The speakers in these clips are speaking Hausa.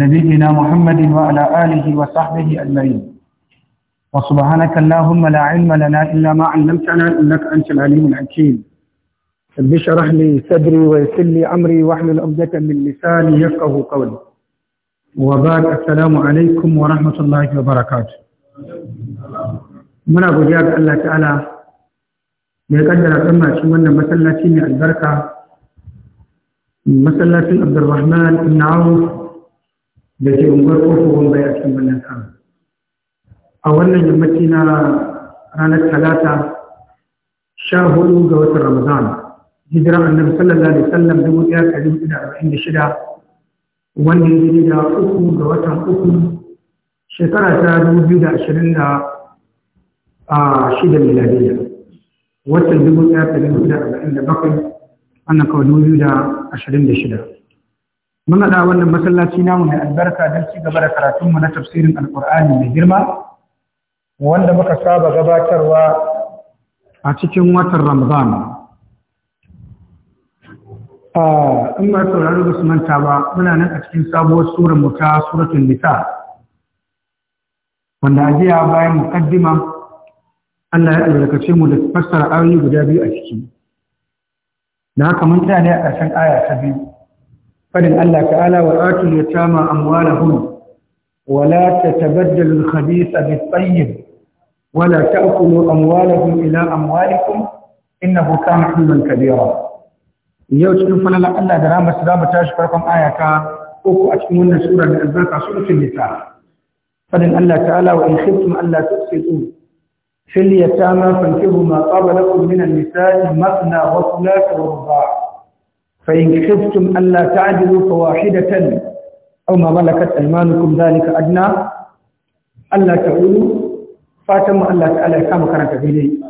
نبينا محمد وعلى آله وصحبه أجمعين وسبحانك اللهم لا علم لنا إلا ما علمتنا إنك أنت العليم الحكيم رب اشرح لي صدري ويسر لي أمري واحلل عقدة من لساني يفقه قولي وبعد السلام عليكم ورحمة الله وبركاته من أبو ga الله تعالى da أما kaddara tsamma cikin wannan masallaci mai albarka masallacin Abdulrahman ibn da ke unguwar kofofin bai a cikin birnin kano a wannan yammaci na ranar talata sha hudu ga watan ramadan hijiran annabi sallallahu alaihi wasallam dubu ɗaya ɗari hudu da arba'in da shida wannan ya yi da uku ga watan uku shekara ta dubu biyu da ashirin da shida miladiyya watan dubu ɗaya ɗari hudu da arba'in da bakwai annan kawai dubu biyu da ashirin da shida mun haɗa wannan masallaci namu mai albarka don ci gaba da karatunmu na tafsirin alkur'ani mai girma wanda muka saba gabatarwa a cikin watan ramadan in ba sauraro ba su manta ba muna nan a cikin sabuwar surar mu ta suratul nisa wanda a jiya bayan muqaddima Allah ya albarkace mu da fassara ayoyi guda biyu a ciki da haka mun tsaya ne a ƙarshen aya ta biyu فإن الله تعالى وآتوا اليتامى أموالهم ولا تتبدلوا الخبيث بالطيب ولا تأكلوا أموالهم إلى أموالكم إنه كان حلما كبيرا yau cikin falalar Allah da ramar za mu tashi farkon ayata uku a cikin wannan sura da albarka suratul nisa fadin Allah ta'ala wa in khiftum alla tusitu fil yatama fankihu ma qaba lakum min an فإن خفتم ألا تعدلوا فواحدة أو ما ملكت أيمانكم ذلك أدنى ألا تقولوا فاتم ألا تعالى كما كانت بيدي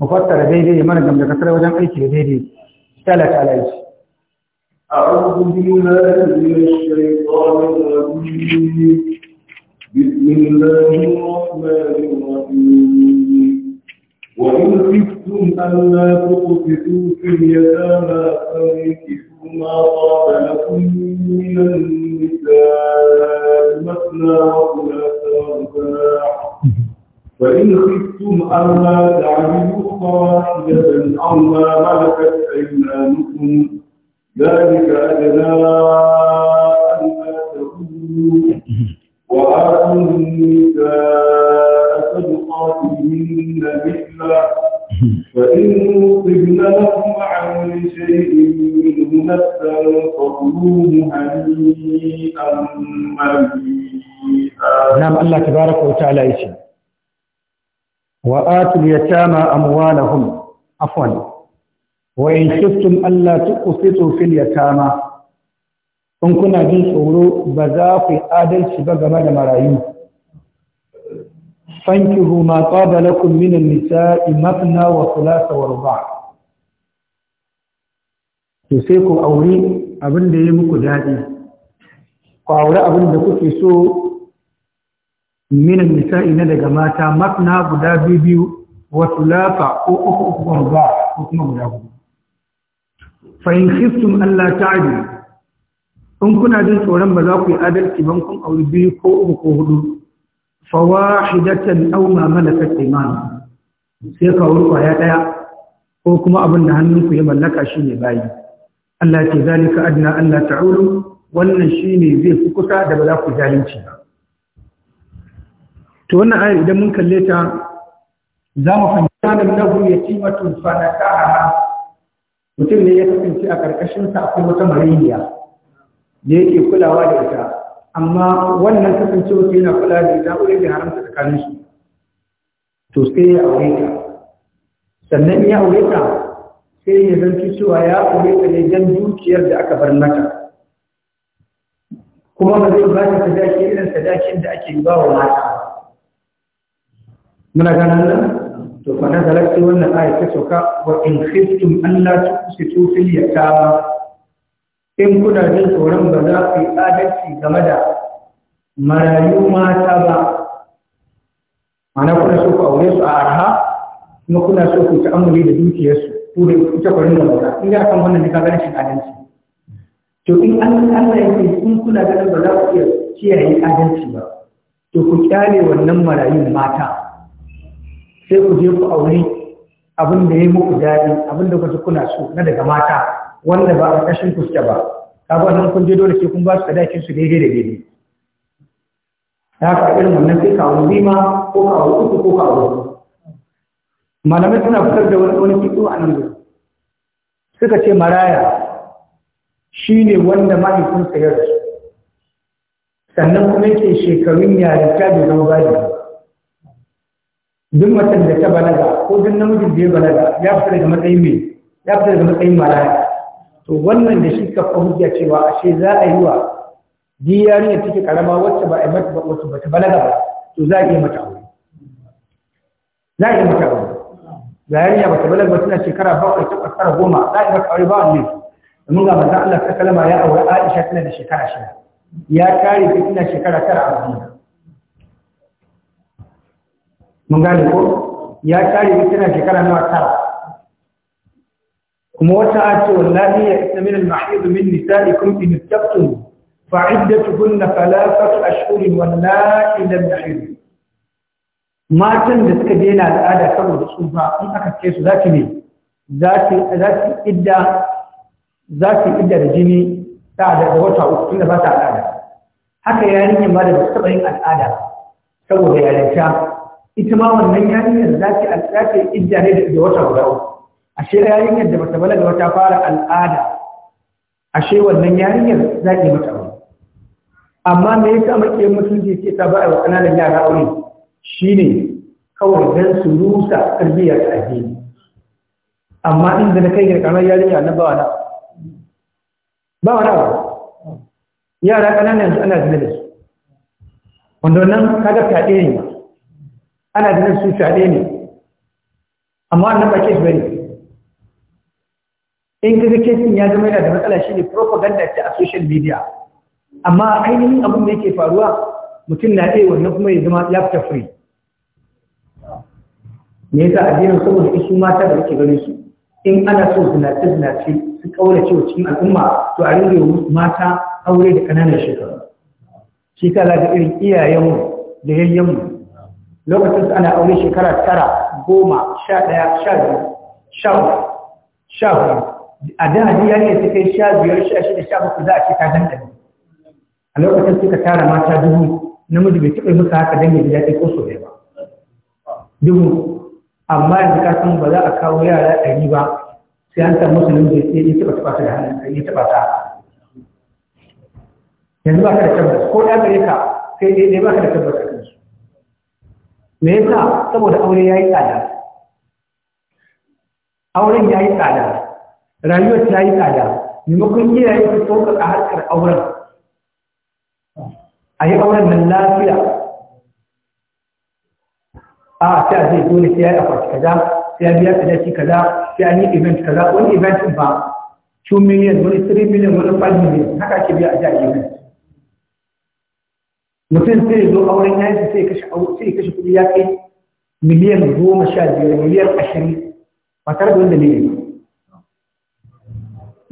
مفتر بيدي من جمد كسر وجمع أيك بيدي ثلاث على أيش أعوذ بالله من الشيطان الرجيم بسم الله الرحمن الرحيم وإن خفتم ألا تقسطوا في اليتامى فانكحوا ما طاب لكم من النساء مثنى وثلاث وأرباع فإن خفتم ألا تعملوا فواحدة أو ما ملكت أيمانكم ذلك أدنى ألا تقولوا وآتوا النساء صدقاتهن به فإن طبن لهم عن شيء منه نفسا فكلوه هنيئا مريئا نعم الله تبارك وتعالى يشهد وآتوا اليتامى أموالهم عفوا وإن خفتم ألا تقسطوا في اليتامى إن كنا جن tsoro ba آدل ku adalci ba fankihu ma tsaba lakum min an-nisa'i mathna wa thulatha wa ruba' to sai ku aure abin da ya muku daɗi ku aure abin da kuke so minan nisa'i na daga mata mafna guda biyu wa tulafa ko uku uku ko ruba ko kuma guda hudu fa in khiftum alla ta'dilu in kuna jin tsoron ba za ku yi adalci ban kun aure biyu ko uku ko hudu fawahidatan aw ma malakat iman sai ka wurfa ya daya ko kuma abin da hannunku ya mallaka shine bayi Allah ce zalika adna an la ta'ulu wannan shine zai fi kusa da ba za ku jahilci ba to wannan ayar idan mun kalle ta za mu fahimta da lahu yatimatun fanakaha mutum ne ya kasance a karkashin sa akwai wata mariya da yake kulawa da ita amma wannan kasancewa wata yana kula da ita wurin da haramta tsakanin su to sai ya aure ta sannan ya aure ta sai ya zanci cewa ya aure ta ne don dukiyar da aka bar mata kuma ba zai ba ta sadaki irin sadakin da ake ba wa mata muna ganin nan to fa na wannan ayat ta sauka wa in khiftum an la tuqsitu fil yatama in kuna jin tsoron ba za ku yi adalci game da marayu mata ba mana kuna so ku aure su a arha kuma kuna so ku ta'amuli da dukiyarsu ku da ita kwarin da mata in ya san wannan ka gane shin adalci to in an Allah ya ce in kuna ganin ba za ku iya kiyaye adalci ba to ku kyale wannan marayun mata sai ku je ku aure abin da ya muku daɗi abin da kuka kuna so na daga mata wanda ba a kashin kuske ba ba nan kun je dole ke kun ba su sadakin su daidai da daidai ta haka irin wannan sai kawo bima ko kawo uku ko kawo malamai suna fitar da wani fito a nan gudu suka ce maraya shi ne wanda mahaifin sayar su. sannan kuma yake shekarun ta bai zama da. duk matan da ta balaga ko duk namijin da ya balaga ya fita daga matsayin mai ya fita daga matsayin maraya to wannan da shi kafa hujja cewa ashe za a yi wa diyar ne take karama wacce ba a mata ba wacce ba ta balaga ba to za a yi mata aure za a yi mata aure ga yarinya ba ta balaga ba tana shekara bakwai ta shekara goma za a yi mata aure ba wani domin ga manzon Allah ta kalma ya aure Aisha tana da shekara shida ya kare ta tana shekara tara a duniya mun gane ko ya kare ta tana shekara nawa tara kuma wata a ce wallahi ya isa min al-mahid min nisaikum in tabtum fa iddatuhunna thalathatu ashhurin wallahi lam yahid matan da suka daina al'ada saboda tsufa in aka ce su za ne za ki idda za ki idda da jini ta da wata uku tunda ba ta al'ada haka yarinyar ma da ba su taɓa yin al'ada saboda yarinta ita ma wannan yarinyar za ki idda ne da wata guda uku ashe yarinyar da bata balaga ba ta fara al'ada ashe wannan yarinyar za ki mata aure amma me yasa muke mutunci ke ta ba wa kananan yara aure shine kawai dan su rusa tarbiyyar addini amma inda na kai ga karamar yarinya na ba wani ba wani abu yara kananan yanzu ana zina da su wanda wannan kaga fyaɗe ne ana zina su fyaɗe ne amma wannan ba ke bari bane in kaga kesin ya zama yana da matsala shine propaganda ta a social media amma ainihin abin da yake faruwa mutum na ɗaya wannan kuma ya zama ya fita free me yasa addinin saboda isu mata da ake gani su in ana so zinace zinace su kaurace wa cikin al'umma to a ringa yi mata aure da ƙananan shekaru shi ta zaga irin iyayenmu da yayyenmu lokacin su ana aure shekara tara goma sha ɗaya sha biyu sha uku sha huɗu a da ya yariya ta kai sha biyar sha shida sha bakwai za a ce ta dandali a lokacin suka tara mata dubu namiji bai taɓa musu haka dan ya ji daɗi ko soyayya ba dubu amma yanzu ka san ba za a kawo yara ɗari ba sai an samu musulun da ya taɓa taɓa ta da hannun ya taɓa ta yanzu ba ka da tabbas ko ɗan gare ka sai dai dai ba ka da tabbas a kansu me yasa saboda aure ya yi tsada auren ya yi tsada rayuwar ta yi tsada maimakon iyaye su sauƙaƙa harkar auren a yi auren nan lafiya a sai a zai dole sai ya yi akwati kaza sai ya biya kaza shi kaza sai ya yi event kaza wani event ba 2 million wani 3 million wani 5 million haka ke biya a ji a event mutum sai ya zo auren ya yi sai kashe sai kashe kuɗi ya kai miliyan goma sha biyar miliyan ashirin ba tare da wanda ne ne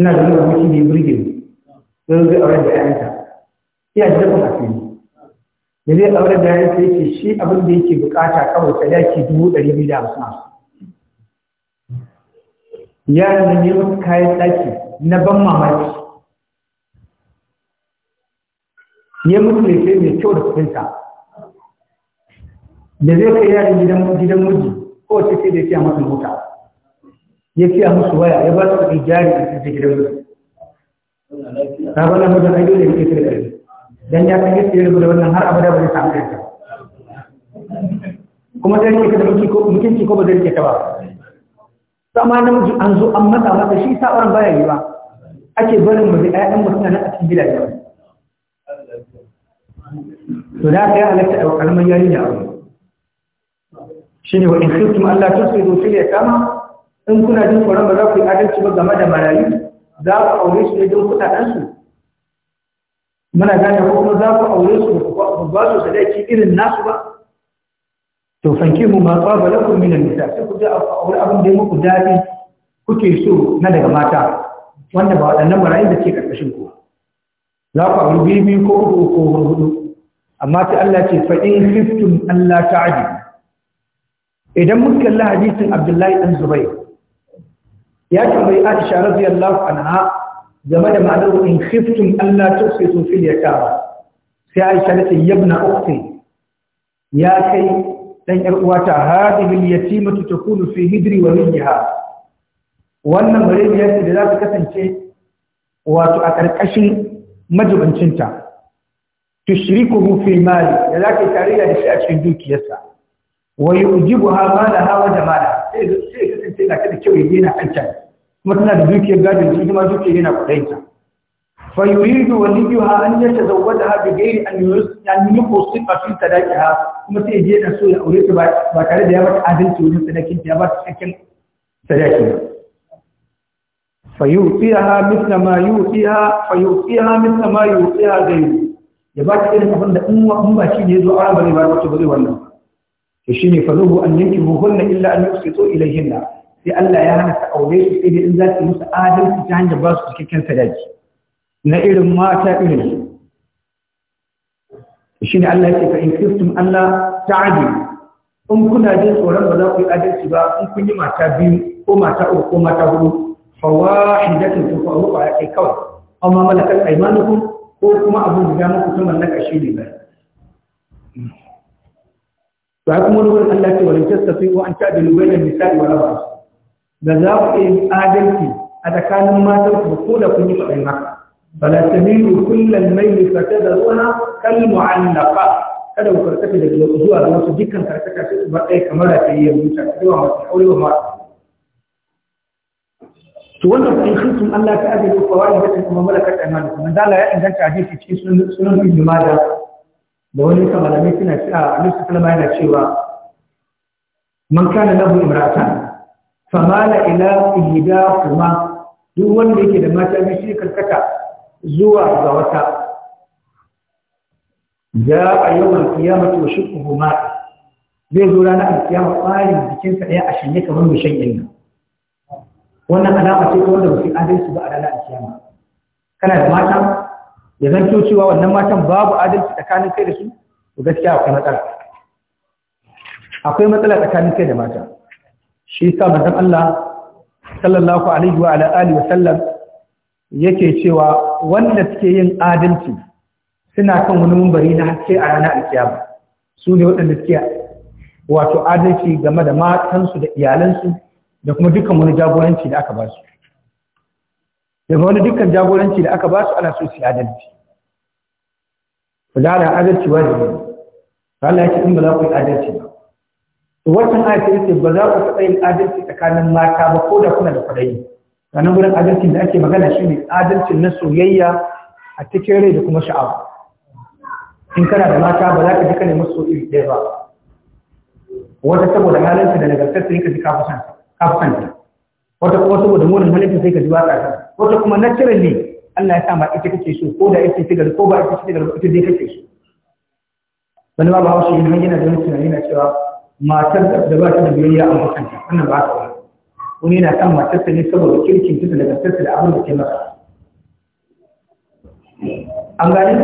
ina da nuna miki ne birgin don zai aure da yayanta iya da dafa ne. da zai aure da yayanta yake shi abin da yake bukata kawai ta yaki dubu ɗari biyu da hamsin yaran da ne wasu kayan ɗaki na ban mamaki ya mutu da ke mai kyau da kuɗinta da zai kai yaran gidan miji ko wace sai da ya fiya masa mota ya ce a musu waya ya ba su kuɗi jari a cikin gidan musu ta na mutum ai dole yake kira ƙarfi dan ya san yadda ya da wannan har abada ba zai samu kanta kuma zai rike da mutunci ko ba zai rike ta ba sama namiji an zo an matsa masa shi sa'oran baya yi ba ake barin mu da ƴaƴan mutum na a cikin gidaje to da ka yi halatta a kalmar yarinya a wani shi ne wa in kuntum Allah tusiru ya kama? in kuna jin tsoron ba za ku yi adalci ba game da marayu za ku aure su ne don kuɗaɗensu muna gane ko kuma za ku aure su ba ba su sadaki irin nasu ba to fanke mu ma tsaba lakum min nisa sai ku je aure abin da ya muku dadi kuke so na daga mata wanda ba waɗannan marayun da ke karkashin ku za ku aure biyu biyu ko uku ko hudu amma sai Allah ce fa in khiftum an la ta'dilu idan muka kalli hadisin Abdullahi dan Zubair ya tambayi Aisha radiyallahu anha game da ma'anar in khiftum Allah tusitu fil yatama sai Aisha ta ce yabna ukhti ya kai dan yar uwata hadhihi al yatimatu takunu fi hidri wa minha wannan mariyar da za ta kasance wato a karkashin majibancinta tushrikuhu fi mali da za tarayya da shi a cikin dukiyarsa wa yujibuha malaha wa jamala sai sai kasance na kada kyau yana kanta kuma tana da dukiyar gadon shi kuma dukiyar yana kudaita fa yuridu waliyuha an yatazawwadaha bi ghairi an an yuqsifa fi sadaqiha kuma sai je da so ya aure ta ba tare da ya mata adalci wajen sadakin ta ba ta cikin sadaki ba fa yu'tiha mithla ma yu'tiha fa yu'tiha mithla ma yu'tiha ghairu ya ba ta irin abin da in wa in ba shi ne zo aure ba ne ba wata ba zai wannan to shine fa zuhu an yankihu hunna illa an yuqsitu ilayhinna sai Allah ya hana aure su sai dai in za ta musu adalci ta hanyar ba su cikakken sadaki na irin mata irin su shi ne Allah ce fa in kristum Allah ta'adi in kuna jin tsoron ba za ku yi adalci ba in kun yi mata biyu ko mata uku ko mata hudu fawahidatun tu fa rufa ya kai kawai amma malakar aimanukum ko kuma abin da muku ta mallaka shi ne ba to kuma wani Allah ce wani lan tastati wa an ta'dilu bayna nisa'i wa rabbih da za ku yi adalci a tsakanin matan ku ko da kun yi faɗin haka bala tamilu kullal mayl fa tadruna kal mu'allaqa kada ku karkata da zuwa ga wasu dukkan karkata sai ba dai kamar da ta yi wuta cewa masu aure ba ma to wannan in kuntum Allah ta ajiye ku wani da kuma malakar iman kuma dala ya inganta hadisi cikin sunan ibn majah da wani malamai suna cewa Annabi sallallahu alaihi wasallam yana cewa man kana lahu imra'atan famala ila ihda kuma duk wanda yake da mata biyu shi karkata zuwa ga wata za a yawan kiyamata wa shukuhu ma zai zo ranar alkiyama tsarin jikinsa ɗaya a shanye kamar mai shan inna wannan alama ce ta wanda ba su adalci ba a ranar alkiyama kana da mata ya zanto cewa wannan matan babu adalci tsakanin kai da su to gaskiya akwai matsala akwai matsala tsakanin kai da mata shi yasa manzon Allah sallallahu alaihi wa ala alihi wa sallam yake cewa wanda suke yin adalci suna kan wani mumbari na haske a ranar alkiyama su ne waɗanda suke wato adalci game da matansu da iyalansu da kuma dukkan wani jagoranci da aka ba su daga wani dukkan jagoranci da aka ba su ana so su adalci kula da adalci wajibi Allah ya ce in ba za ku yi adalci ba wancan ayata yake ba za ku taɓa yin adalci tsakanin mata ba ko da kuna da kwaɗayi ranar wurin adalcin da ake magana shi ne adalcin na soyayya a cikin rai da kuma sha'awa in kana da mata ba za ka ji kane musu iri ɗaya ba wata saboda halinta da nagartar sai ka ji kafisanta wata kuma saboda munin halinta sai ka ji ba ta wata kuma na cire ne Allah ya sa ma ita kake so ko da ita ce gari ko ba ita ce gari ita dai kake so wani ba ba hausa yin hanyar da wani tunani na cewa matar da ba ta da biyayya a makanta wannan ba ta wani wani yana kan matarsa ne saboda kirkin ta da gantarsa da abin da ke masa an gani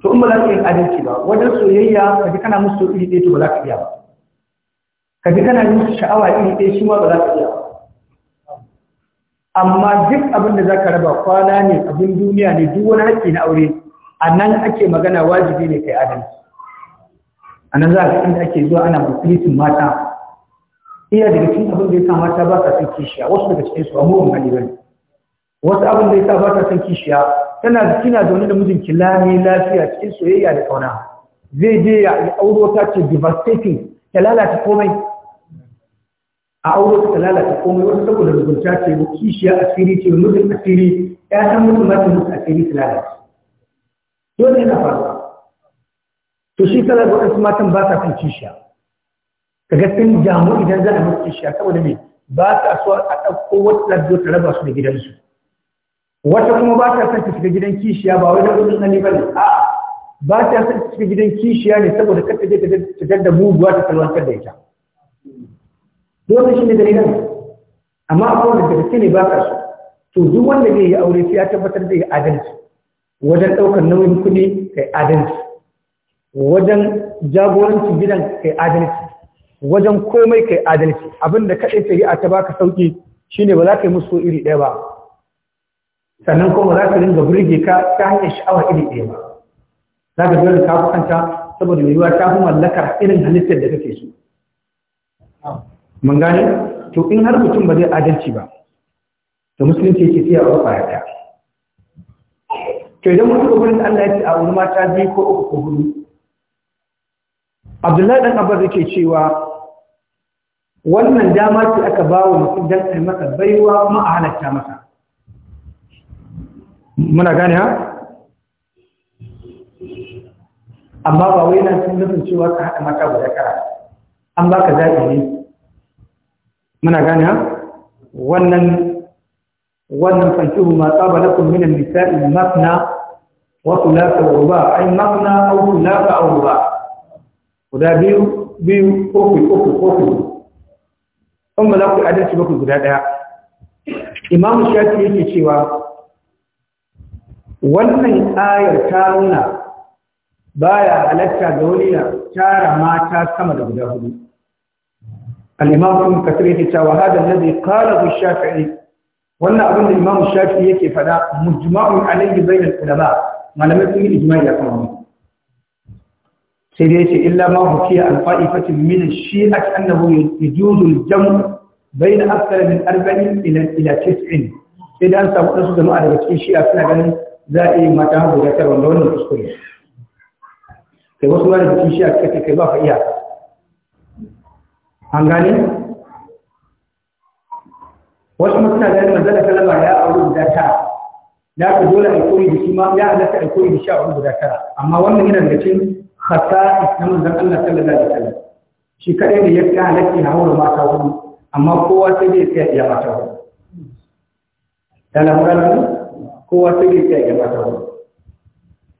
to in ba za ka yi adalci ba wajen soyayya ka ji kana musu iri ɗaya to ba za ka iya ba ka ji kana musu sha'awa iri ɗaya shi ma ba za ka iya ba amma duk abin da za ka raba kwana ne abin duniya ne duk wani haƙƙi na aure a nan ake magana wajibi ne kai adalci a za a inda ake zuwa ana buklitin mata iya daga cikin abin da ya sa mata ba ta son kishiya wasu daga cikin su amurin hali bane wasu abin da ya sa ba ta son kishiya tana kina zaune da mijinki lami lafiya cikin soyayya da kauna zai je ya auro ta ce devastating ta lalata komai a auro ta lalata komai wata saboda rubuta ce kishiya asiri ce a asiri ya san mutum ma ta mutu asiri ta lalata dole yana faruwa to shi da waɗansu matan ba sa kan kishiya ka ga sun jamu idan za a mutu kishiya saboda me ba sa so a ɗauko wata ɗarzo ta raba su da gidansu wata kuma ba ta son ta shiga gidan kishiya ba wai na wani ba ne a ba ta son ta shiga gidan kishiya ne saboda kar ta je ta da muguwa ta salwantar da ita dole shi ne da dalilan amma a wanda daga ne ba ta so to duk wanda zai yi aure sai ya tabbatar zai yi adalci wajen ɗaukar nauyin kuɗi kai adalci wajen jagoranci gidan kai adalci wajen komai kai adalci abinda kaɗai a ta baka sauki shine ba za ka yi musu iri ɗaya ba sannan kuma za ka ringa burge ka ta hanyar sha'awa iri ɗaya ba za ka dole ka kusanta saboda mai yiwuwa ta fi mallakar irin halittar da kake so mun gane to in har mutum ba zai adalci ba to musulunci yake fiye a ƙwaya ɗaya to idan mutum ga Allah ya ce a wani mata biyu ko uku ko hudu abdullahi dan abbas yake cewa wannan dama ce aka ba wa mutum dan a masa baiwa kuma a halatta masa muna gane ha amma ba wai nan sun nufin cewa ka haɗa mata guda kara an baka zaɓi ne muna gane ha wannan wannan fankihu ma tsaba na min an-nisa'i mafna wa thulatha wa ruba ai mafna aw thulatha aw ruba' guda biyu biyu uku uku uku in ba za ku adalci ba ku guda ɗaya imamu shafi yake cewa wannan ayar ta nuna baya halatta ga wani ya tara mata sama da guda hudu al kuma kasar yake cewa hada kala ku shafi wannan abin da imam shafi yake fada mujma'un alayhi bayan ulama malamai sun yi ijma'i kama wani sai dai ce illa ma hukiya alfa'ifatin min shi'at annahu yajuzu al-jam' bayna akthar min arba'in ila ila tis'in sai dan samu wasu jama'a daga cikin shi'a suna ganin za a yi mata har guda tara wanda wannan kuskure sai wasu ma daga cikin shi'a suka ce kai ba fa iya an gane wasu ma suna ganin manzala kalama ya auri guda tara da ka dole a koyi da shi ma ya halatta a koyi da sha guda tara amma wannan yana daga cikin khasa'is na manzon Allah sallallahu alaihi wasallam shi kadai ne ya fi halatti mata hudu amma kowa sai dai sai ya mata hudu da lamuran kowa sai dai sai ya mata hudu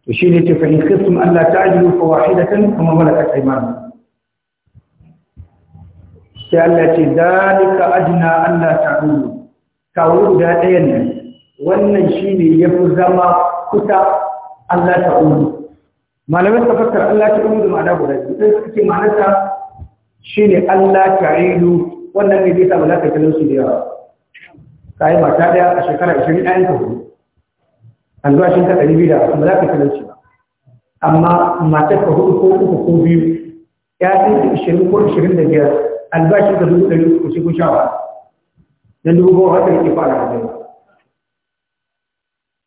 to shine ce fa in khiftum an la ta'dilu fa wahidatan kama malakat aymanukum sai Allah ce zalika ajna an la ta'dilu kawo da ɗayan nan wannan shi shine yafi zama kusa Allah ta'dilu malamai suka fassara Allah ta ilu ma'ana guda biyu sai suka ce ma'anarsa shine Allah ta ilu wannan ne zai samu laka ta su da yawa ka yi mata daya a shekara ashirin ɗayan ka hudu shi ta ɗari biyu da ba za ka kalin su ba amma matar ka hudu ko uku ko biyu ya ɗin 20 ko ashirin da biyar shi ta dubu ɗari uku ko sha ba dan dubu goma haka ke fara da ba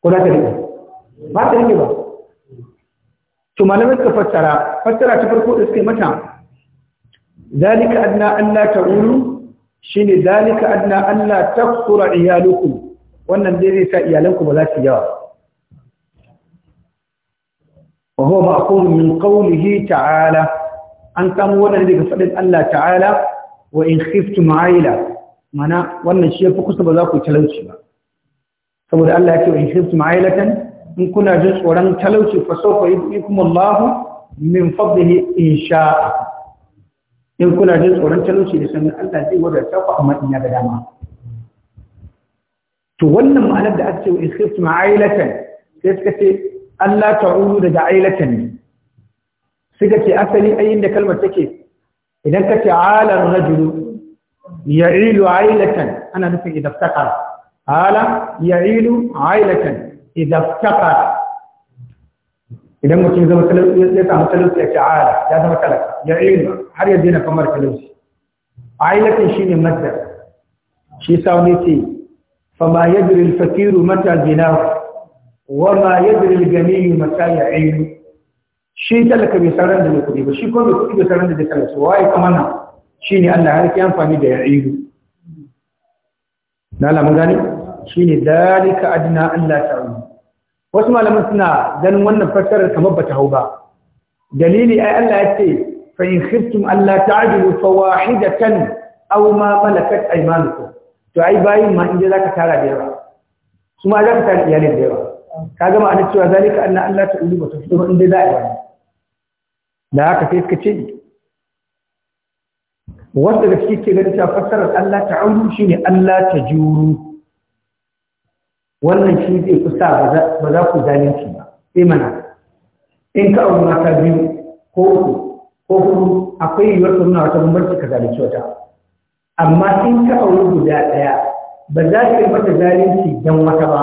ko za ta rike ba ta rike ba to malamai suka fassara fassara ta farko da suka mata zalika adna an la ta'ulu shine zalika adna an la takthura iyalukum wannan dai zai sa iyalanku ba za su yawa wa huwa ma'qum min qawlihi ta'ala an samu wannan daga fadin Allah ta'ala wa in khiftum aila mana wannan shi ya fi kusa ba za ku talauci ba saboda Allah ya ce wa in khiftum ailatan in kuna jin tsoron talauci fa sawfa kuma Allah min fadlihi in sha'a in kuna jin tsoron talauci da sanin Allah zai wadata ku amma in ya ga dama to wannan ma'anar da aka ce wa ikhiftu ma'ailatan sai suka ce Allah ta'udu daga ailatan suka ce asali ayin da kalmar take idan ka ce alar rajulu ya'ilu ailatan ana nufin idan taqara ala ya'ilu ailatan idan taka idan mutum zama ya samu talauci ya ta'ala ya zama talaka ya ilma har ya daina kamar talauci ailatin shine kan shi ne shi sa wani ce ma yadri al-fakiru mata ginahu wa ma yadri al-ganiyyu mata ya'ilu shi talaka bai sauran da mai kuɗi ba shi ko mai kuɗi da sauran da bai talaka waye kamar nan shine Allah har ki amfani da ya'ilu na lamun gani shine dalika adna Allah ta'ala wasu malaman suna ganin wannan fassarar kamar bata hau ba dalili ai Allah ya ce fa in khiftum alla ta'dilu fawahidatan aw ma malakat aymanukum to ai bayin ma inda zaka tara da yawa su ma zaka tara iyalin da yawa ka gama ana cewa zalika anna Allah ta'ulu wa tafsiru inda za a yi da haka sai suka ce wanda da suke ganin cewa fassarar Allah ta'ulu shine Allah ta juru wannan shi zai kusa ba za ku zalunci ba sai eh mana in ka auri mata biyu ko uku ko kuma akwai yiwuwar ka nuna wata bambanci ka zalunci wata amma in ka auri guda ɗaya ba za ka yi mata zalunci don wata ba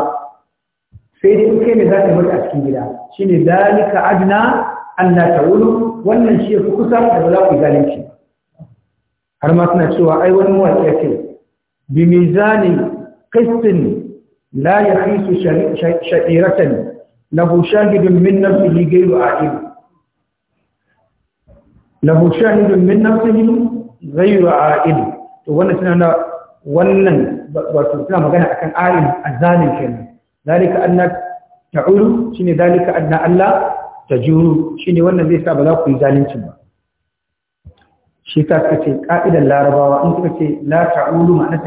sai dai kai ne za ka yi mata a cikin gida shine dalika adna an na ta'ulu wannan shi ya kusa da ba za ku zalunci har ma suna cewa ai wani mawaƙi ya ce bi mizani qistin لا يخيس شعيرة له شاهد من نفسه غير عائل له شاهد من نفسه غير عائل وانا سنانا wannan wato suna magana akan alim azalim kenan dalika anna ta'ulu shine dalika anna Allah tajuru shine wannan zai sa ba za ku yi zalunci ba shi ta kace larabawa in kuka ce la ta'ulu ma'ana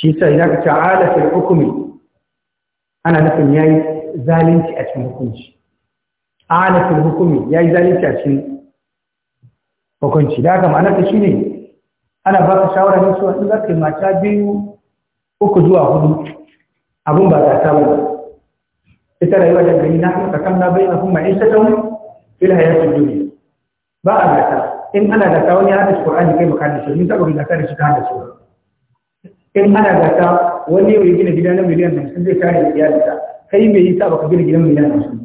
shi sa idan ka ala fil hukmi ana nufin yayi zalunci a cikin hukunci ala fil hukmi yayi zalunci a cikin hukunci da haka ma'anar ta shine ana ba ka shawara ne so in zaka yi mata biyu uku zuwa hudu abun ba za ta bane ita rayuwa da gani na haka kan na bayyana kuma in ta tawo ya ta dunya ba a gata in ana da a cikin qur'ani kai baka da shi ni ta bari da kare shi ta hadis shi in ana gasa wani yau ya gina gida na miliyan hamsin zai kare da iyalinsa kai me yasa baka gina gidan miliyan hamsin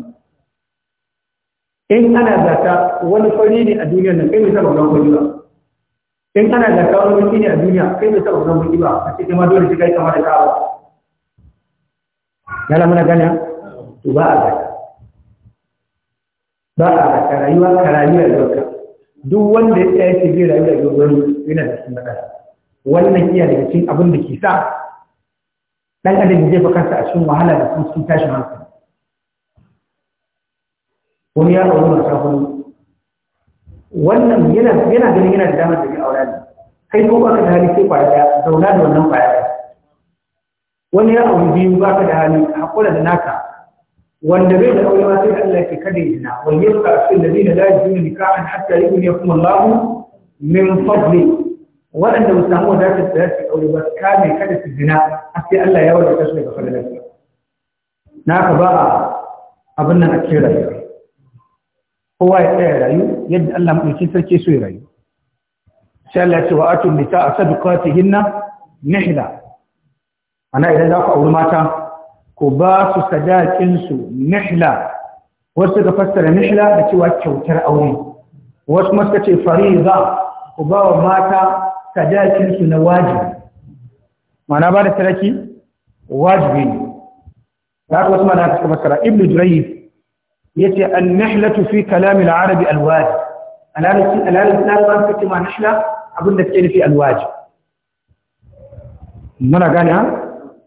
in ana gasa wani fari ne a duniya nan kai me yasa baka zama fari ba in ana gasa wani baki ne a duniya kai me yasa baka zama ba a cikin ma dole sai kai kama da kawo yana mana gana to ba a gasa ba a gasa rayuwa ka rayuwa duk wanda ya tsaya ce zai rayuwa da wani yana da cikin matsala wannan iya daga cikin abin da ke sa dan adam zai fa kansa a cikin wahala da kuma cikin tashin hankali wani ya rawu na sabon wannan yana yana ganin yana da damar da ya aure ne kai ko baka da hali sai kwaya daya zauna da wannan kwaya wani ya rawu biyu ka da hali hakura da naka wanda bai da aure ma sai Allah ya kada ya zina wal yabqa fil ladina la yajiduna nikahan hatta kuma Allah min fadli waɗanda ba samu wadatar da su aure ba kame kada su zina a sai Allah ya wadata su daga falalarsa na ka ba abin nan a cikin rayuwa kowa ya tsaya rayu yadda Allah maɗauki sarki so ya rayu sai Allah ya ce wa atun nisa a sadaqatihinna nihla ana idan za ku auri mata ku ba su sadakinsu nihla wasu ga fassara nihla da cewa kyautar aure wasu masu ce fariza ku ba wa mata sadakinsu na wajibi mana ba da taraki. wajibi ne da haka wasu mana suka masara ibn jurayi ya ce an nahlatu fi kalamin arabi alwaji alalaci na ruwan fiti ma nahla abinda ke nufi alwaji muna gane ha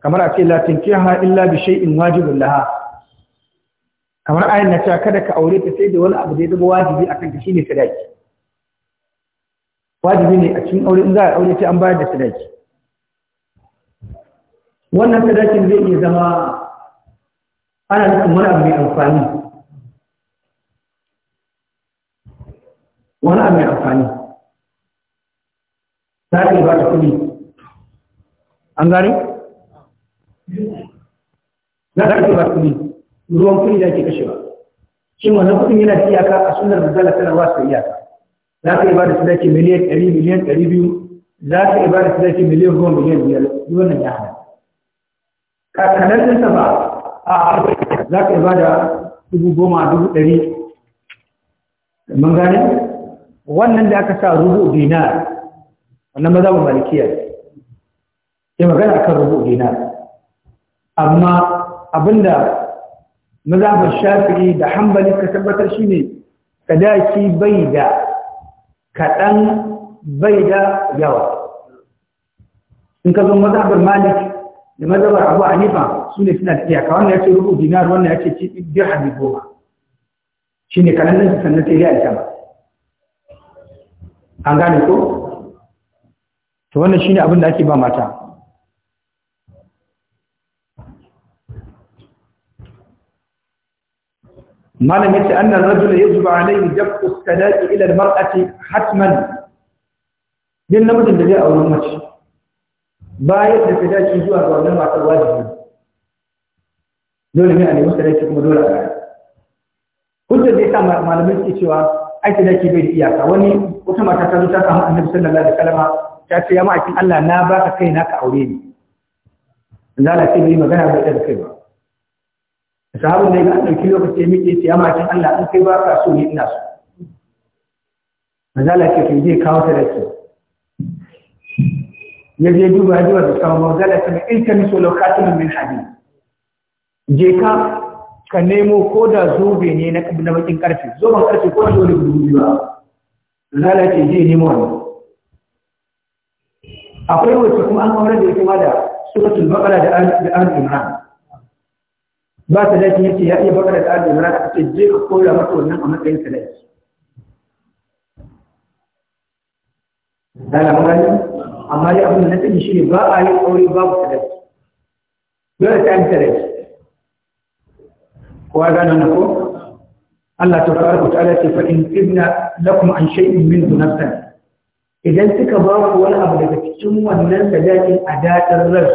kamar a ce latin kiha illa bi shay'in wajibun laha kamar ayin na cewa kada ka aure ta sai da wani abu da ya zama wajibi a akan ka shine sadaki wajibi ne a cikin aure in za a aure sai an bayar da sadaki wannan sadakin zai iya zama ana nufin wani abu mai amfani wani abu mai amfani za ka ba ta kuɗi an gane? za ka ba ta kuɗi ruwan kuɗi da ake kashewa shin wannan kuɗin yana da iyaka a sunar da zala sanarwa su iyaka za ka yi ba da sadaki miliyan ɗari miliyan ɗari biyu za ka yi ba da sadaki miliyan goma miliyan biyar wannan ya hana kakanar ɗinsa ba a za ka yi da dubu goma dubu ɗari mun gane wannan da aka sa rubu dinar wannan maza mu malikiya ke magana akan rubu dinar amma abinda maza ba shafi'i da hambali ka tabbatar shine sadaki bai da kaɗan bai da yawa in ka zo mazhabar malik da mazhabar abu hanifa su ne suna tafiya? Ka wannan ya ce rubu dinar wannan ya ce hadi goma shi ne kanan nan sannan sai yi isa ba an gane ko to wannan shine abin da ake ba mata malam yace annal rajula yajibu alayhi daf'u sadaqi ila al-mar'ati hatman din namijin da zai auri mace bayar da sadaki zuwa ga wannan matar wajibi dole ne a nemi sadaki kuma dole a bayar hujjar da yasa malamai suke cewa ai sadaki bai da iyaka wani wata mata ta zo ta samu annabi sallallahu alaihi wasallam ta ce ya ma'aikin Allah na baka kai na ka aure ni zala ce bai magana bai da kai ba sahabin da ya ɗauki lokaci mai miƙe ce makin Allah an kai ba ka so ne ina so manzala ce ke zai kawo ta da ke ya je duba ya duba da kawo manzala ta mai ilka miso lokacin min hadi je ka ka nemo ko da zobe ne na kabin bakin karfe zoben karfe ko zobe dubu biyu ba manzala ce zai nemo wani akwai wacce kuma an kawar da ya kuma da suratul baqara da al-imran ba ta laifi yace ya iya bakara da Ali Imran aka ce je ka koya mata wannan a matsayin sa laifi dala mun amma ya abin da na sani shine ba a yi aure babu sadaki dole ta yi sadaki kowa gane na ko Allah ta fara kuta ala ce fa'in ibna lakum an shay'in min dunafsan idan suka ba ku wani abu daga cikin wannan sadakin a datar rar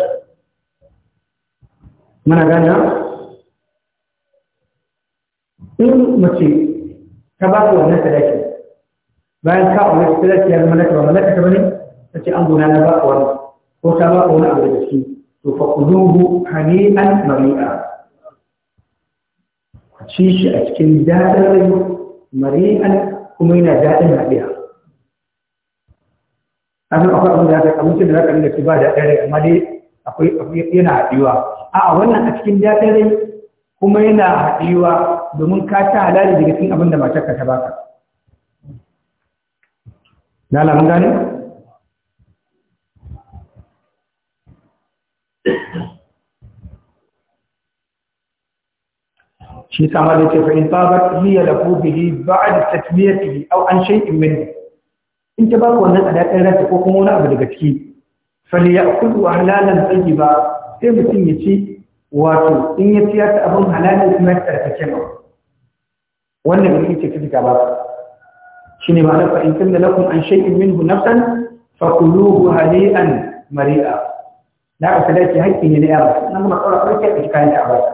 muna gane in mace ta ba ta wannan sadaki bayan ka aure ta sadaki ya zama naka ba mallaka ta bane ta ce an gona na ba ka wani ko ta ba ka wani abu da shi to fa kuduhu hani'an mari'a ku ci shi a cikin daɗin rai mari'an kuma yana daɗin haɗiya A kasan akwai abin da zaka abincin da ka rinda ci ba daɗin rai amma dai akwai yana haɗiwa a'a wannan a cikin daɗin rai kuma yana haɗewa domin ka ta halali daga cikin abin da matarka ta baka na lamun gane shi ta da ce fa'in tabar hiya da kobihi ba a da yi au an shaikin mini in ta baka wannan tsadaɗin ranta ko kuma wani abu daga ciki fali ya kudu halalan tsayi ba sai mutum ya ce wato in ya ciyar da abin halalin kuma ya tsarkake ba wannan bai ce ta fitika ba shi ne ma'ana fa in kunna lakum an shay'in minhu nafsan fa kuluhu hali'an mari'a da aka sadaki hakki ne na yaro nan kuma tsara tsarki da kayan da abata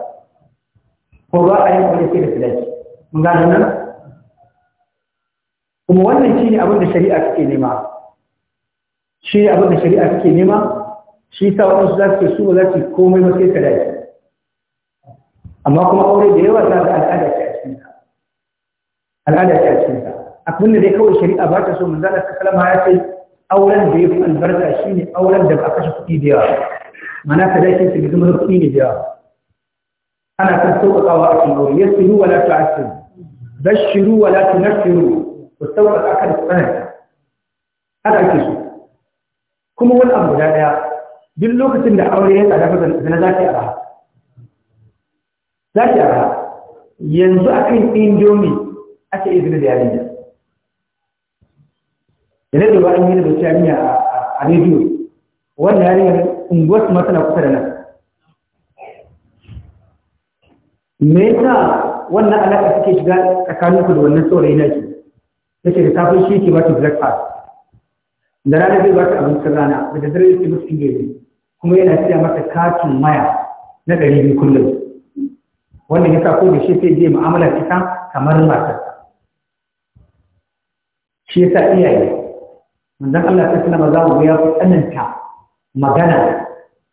ko ba a yi wani sai da sadaki mun gano nan kuma wannan shine abin da shari'a take nema shi abin da shari'a take nema shi sa waɗansu za su ke su ba za su komai ba sai dace. amma kuma aure da yawa za ga al'ada ce a cikin sa al'ada ce a cikin sa abin dai kawai shari'a ba ta so mun zala ta kalama ya ce auren da ya fi albarka shine auren da ba a kashe kuɗi da yawa mana ka dace su gizo kuɗi ne da yawa ana kan sauƙaƙawa a cikin aure yasiru wala tu'assiru bashiru wala tunaffiru ku sauƙaƙa kan tsananta haka ake so kuma wani abu guda ɗaya duk lokacin da aure ya tsada fa zana za ta yi araha za ki ara yanzu akan indomi ake izini da yarinya yana da ba an yi da zuciya miya a rediyo wannan yarinyar unguwar su na kusa da nan me yasa wannan alaƙa suke shiga tsakaninku da wannan saurayi na ke take da kafin shi ke ba ta black pass da rana zai ba ta abincin rana da daddare yake musu ingezi kuma yana siya mata katin maya na ɗari biyu kullum wannan sa ko da shi sai je mu'amala ita kamar matarsa shi ya sa iyaye manzon Allah ta sanar za mu ya tsananta magana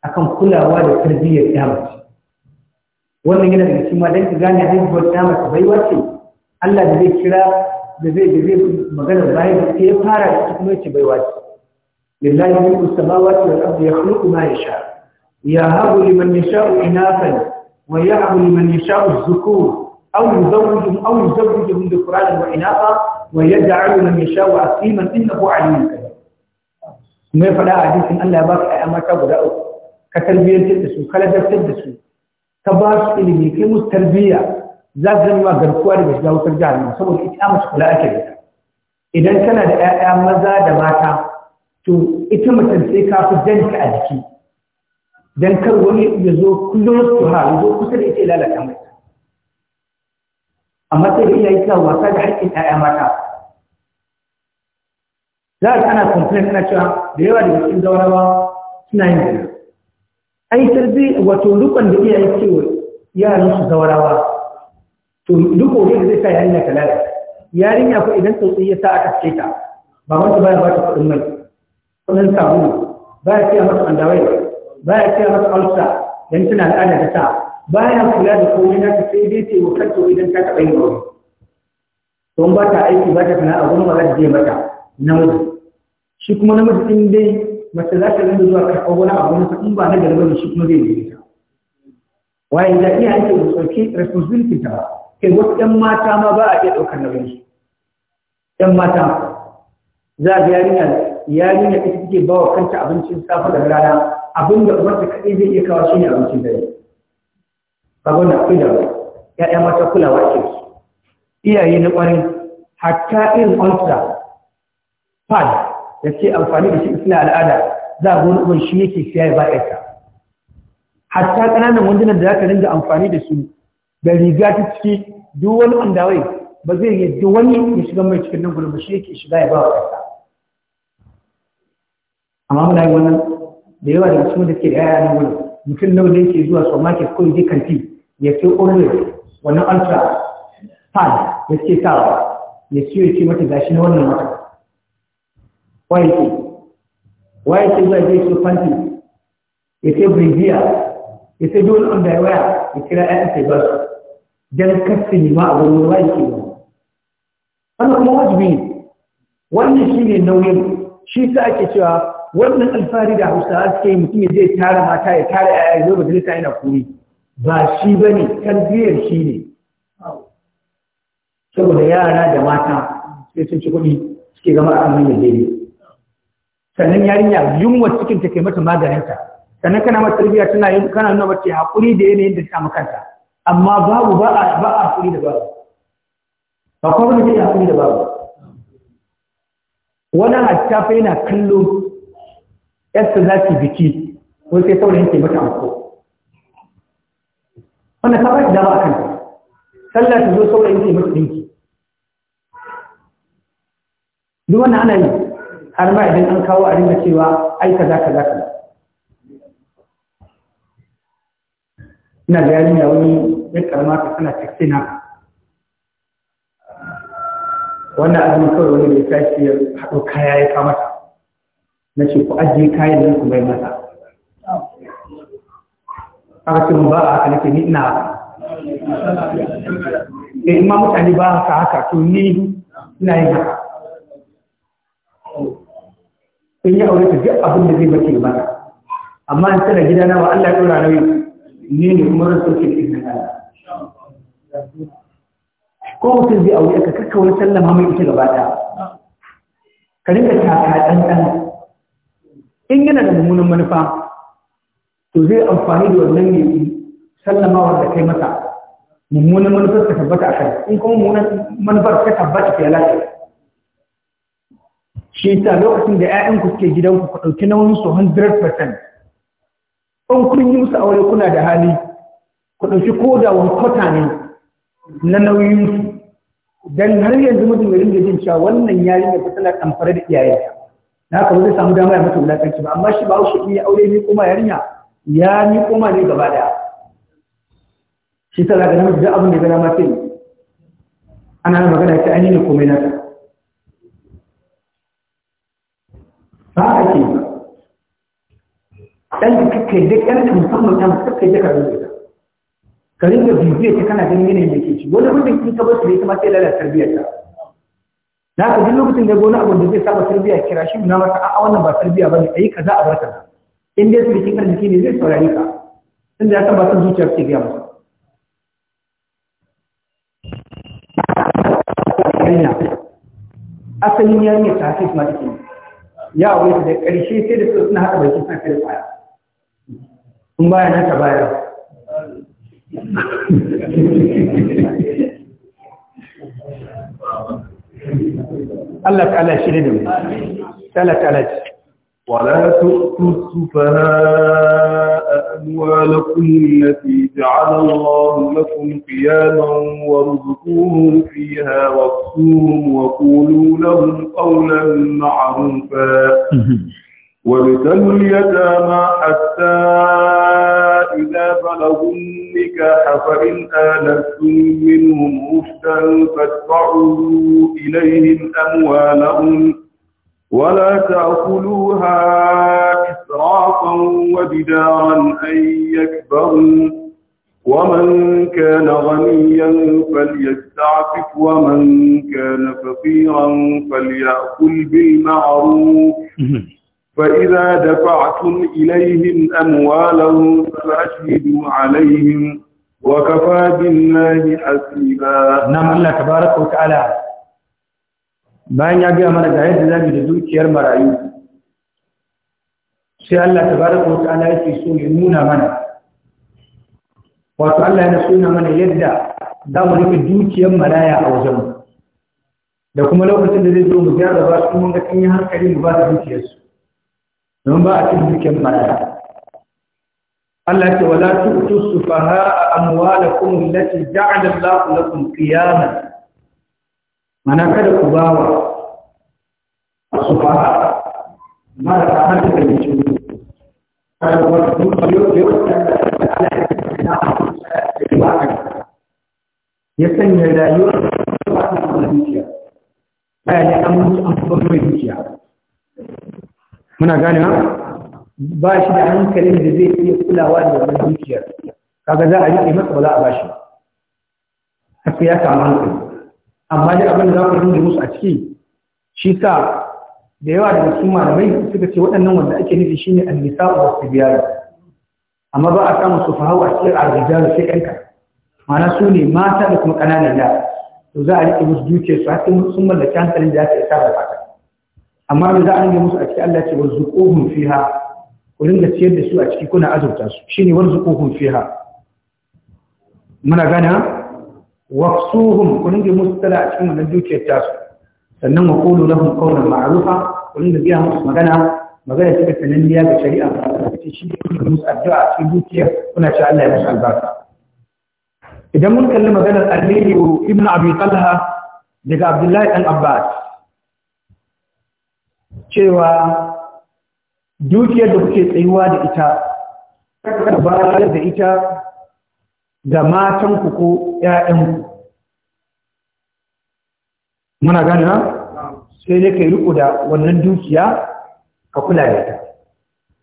akan kulawa da tarbiyyar da wannan yana da cikin ma don ka gane haihuwar da baiwa ce Allah da zai kira da zai da zai magana bayan da ya fara da kuma ce baiwa ce lillahi mulku samawati wal ardi yakhluqu ma yasha yahabu liman yasha'u inafan ويهب لمن يشاء الذكور أو يزوجهم أو يزوجهم ذكرانا وإناثا ويجعل من يشاء عقيما إنه عليم كبير ما فدا حديث الله باك أمرك غدا ka tarbiyyantar da su ka ladabtar da su ka ba su ilimi kai musu tarbiyya za su zama garkuwa daga shiga wutar jahannama saboda ita mace kula ake da idan kana da 'ya'ya maza da mata to ita mutum sai ka fi a jiki dan kar wani ya zo kullum su ha ya zo kusa da ita ya lalata mai amma sai da iyaye kawo wasa da haƙƙin ƴaƴa mata za a ana complain ana cewa da yawa da cikin zaurawa suna yin zina ai tarbi wato rukun da iyaye ke wa yaran su zaurawa to rukun da zai sa ya ta lalata yarinya ko idan tsautsayi ya sa aka ce ta Ba baban ba ya ba ta kuɗin mai kuɗin sabulu baya ce mata andawai baya ce masa alsa dan tana al'ada da ta baya kula da komai na ta sai dai ce wa kanta idan ta taɓa yin aure don ba ta aiki ba ta sana'a wani magana zai mata namiji shi kuma namiji in dai mace za ta rinda zuwa karɓar wani abu na in ba na garba shi kuma zai yi ta waye da iya aiki da sauki responsibility ta ba kai wasu ƴan mata ma ba a iya ɗaukar nauyin su ƴan mata za a ga yarinya yarinya ita take ba wa kanta abincin safa da rana abin da uwarsa kaɗai zai iya kawo shine abincin dare babu na kula ba ya'ya mata kulawa ke iyaye na ƙwarai hatta irin ultra pad da ke amfani da shi suna al'ada za a gona uban shi yake siya ya ta hatta ƙananan wandunan da za ka ringa amfani da su da riga ta ciki duk wani wai ba zai yi duk wani ya shiga mai cikin nan gudun ba shi yake shiga ya ba wa ƙasa amma muna yi wannan da yawa da mutum da ke da yaya na wurin mutum nawa da yake zuwa supermarket ko yake kanti ya ce always wannan ultra pad ya ce sawa ya ce ya ce mata gashi na wannan mata waye ce waye ce zuwa zai so fanti ya ce brazil? ya ce dole on da waya ya kira ya sai ba su dan ne ma a gurin waye ke ba ana kuma wajibi ne wannan shine nauyin shi sa ake cewa wannan alfahari da hausawa suke yi mutum zai tara mata ya tara yaya yi zo majalisa yana kuri ba shi ba ne tarbiyyar shi ne saboda yara da mata sai sun ci kuɗi suke gama a hannun yadda sannan yarinya yunwa cikin ta kai mata maganinta sannan kana mata tarbiyya tana yin kana nuna mace hakuri da yanayin da ta makanta amma babu ba a ba a hakuri da babu ba kuma ne ke hakuri da babu wani hatta fa yana kallo yadda za ki biki ko sai saurayin ke mata anko wannan ta ba shi dama a kanta sallah ta zo saurayin ke mata dinki duk wannan ana yi har ma idan an kawo a rinka cewa ai za ka kaza ina da yarinya wani ya karama ka tana taksina wannan abin kawai wani da ya tashi ya haɗo kaya ya kamata na ce ku ajiye kayan nan ku mai masa aka ce mu ba a haka nake ni ina haka eh, in ma mutane ba haka haka to ni ina yin haka in yi aure ta duk abin da zai mace mata amma in tana gida nawa Allah ya dora nauyi ni ne kuma ran sauke da na Allah ko mutum zai aure ka kakkawar wani sallama mai ita gaba ɗaya ka rinka taka ɗan ɗan in yana da mummunan manufa to zai amfani da wannan ne sallamawa da kai masa mummunan manufar ta tabbata a kai in kuma mummunan manufar ta tabbata ta yalata shi ta lokacin da ƴaƴanku suke gidanku ku ɗauki nauyin su 100% in kun yi musu aure kuna da hali ku ɗauki koda wani kwata ne na nauyin su dan har yanzu mutum ya ringa jin cewa wannan yarinya ta tana kamfare da iyayenta na haka zai samu dama ya mata wulakanci ba amma shi ba haushe ya aure ni koma yarinya ya ni koma ne gaba daya shi ta zaga namiji duk abin da gana ma ne ana na magana ta ainihin komai na ta ba a ke ɗan da kakkai duk ɗan da musamman ɗan kakkai da karin da ka da bibiyar ta kana ganin yanayin da ke ci wani mutum in ka bar su ne ta sai lalata tarbiyyar ta na ka duk lokacin da gona abu da zai saba tarbiya kira shi na masa a'a wannan ba tarbiya a yi kaza a barka da in dai suke cikin arziki ne zai saurari ka tunda ya san ba san zuciyar ke gaya masa asalin yarinya ta hafi ma take ya wuri ta da ƙarshe sai da su suna haɗa baki suna kai da baya kun baya na ta baya قال لك على ne da mu Allah ولا تؤتوا السفهاء أموالكم التي جعل الله لكم قياما وارزقوهم فيها واكسوهم وقولوا لهم قولا معروفا وابتلوا اليتامى حتى إذا بلغوا نكاح فإن آلتم منهم رشدا فادفعوا إليهم أموالهم ولا تأكلوها إسرافا وبدارا أن يكبروا ومن كان غنيا فليستعفف ومن كان فقيرا فليأكل بالمعروف فإذا دفعتم إليهم أموالهم فأشهدوا عليهم وكفى بالله حسيبا نعم الله تبارك وتعالى bayan ya gaya mana أن يجب za يجب da dukiyar marayu sai Allah tabaraka wa ta'ala yake so ya nuna mana wato Allah yana so mana yadda za mu rufe dukiyar maraya a wajen da kuma lokacin da zai zo mu gyara ba su kuma ga hankali mu ba da dukiyarsu don ba a cin duken mata Allah ce wala tu'tu sufaha amwalakum allati ja'ala Allahu lakum qiyaman mana kada ku bawa sufaha mara ta hanta da cikin kada ku wasu yau da yau da Allah ya sanya rayuwar ba ta zuciya bayan an mutu an fara zuciya muna gane ba shi da hankalin da zai iya kulawa da wannan dukiyar kaga za a riƙe masa ba za a bashi haka ya samu hankali amma dai abin da za ku rinda musu a ciki shi sa da yawa daga cikin malamai suka ce waɗannan wanda ake nufi shine annisa wa sibiyar amma ba a samu su fahawa a cikin arzijar sai yanka ma'ana su ne mata da kuma ƙananan yara to za a riƙe musu dukiyar su har sun mallaki hankalin da ya ta isa da amma da za a yi musu a ciki Allah ce wanzu warzuquhum fiha ku ringa ciyar da su a ciki kuna azurta su shine warzuquhum fiha muna gana waqsuhum ku ringa musu tsada a cikin wannan dukiyar ta su sannan wa qulu lahum qawlan ma'rufa ku ringa biya musu magana magana take sananniya ga shari'a ce shi ne musu addu'a a cikin dukiya kuna ce Allah ya musu albarka idan mun kalli maganar Aliyu ibn Abi Talha daga Abdullahi dan Abbas cewa dukiyar da kuke tsayuwa da ita ka da ita ga matanku ko ‘ya'yanku muna gani na sai ne ka yi da wannan dukiya ka kula da ita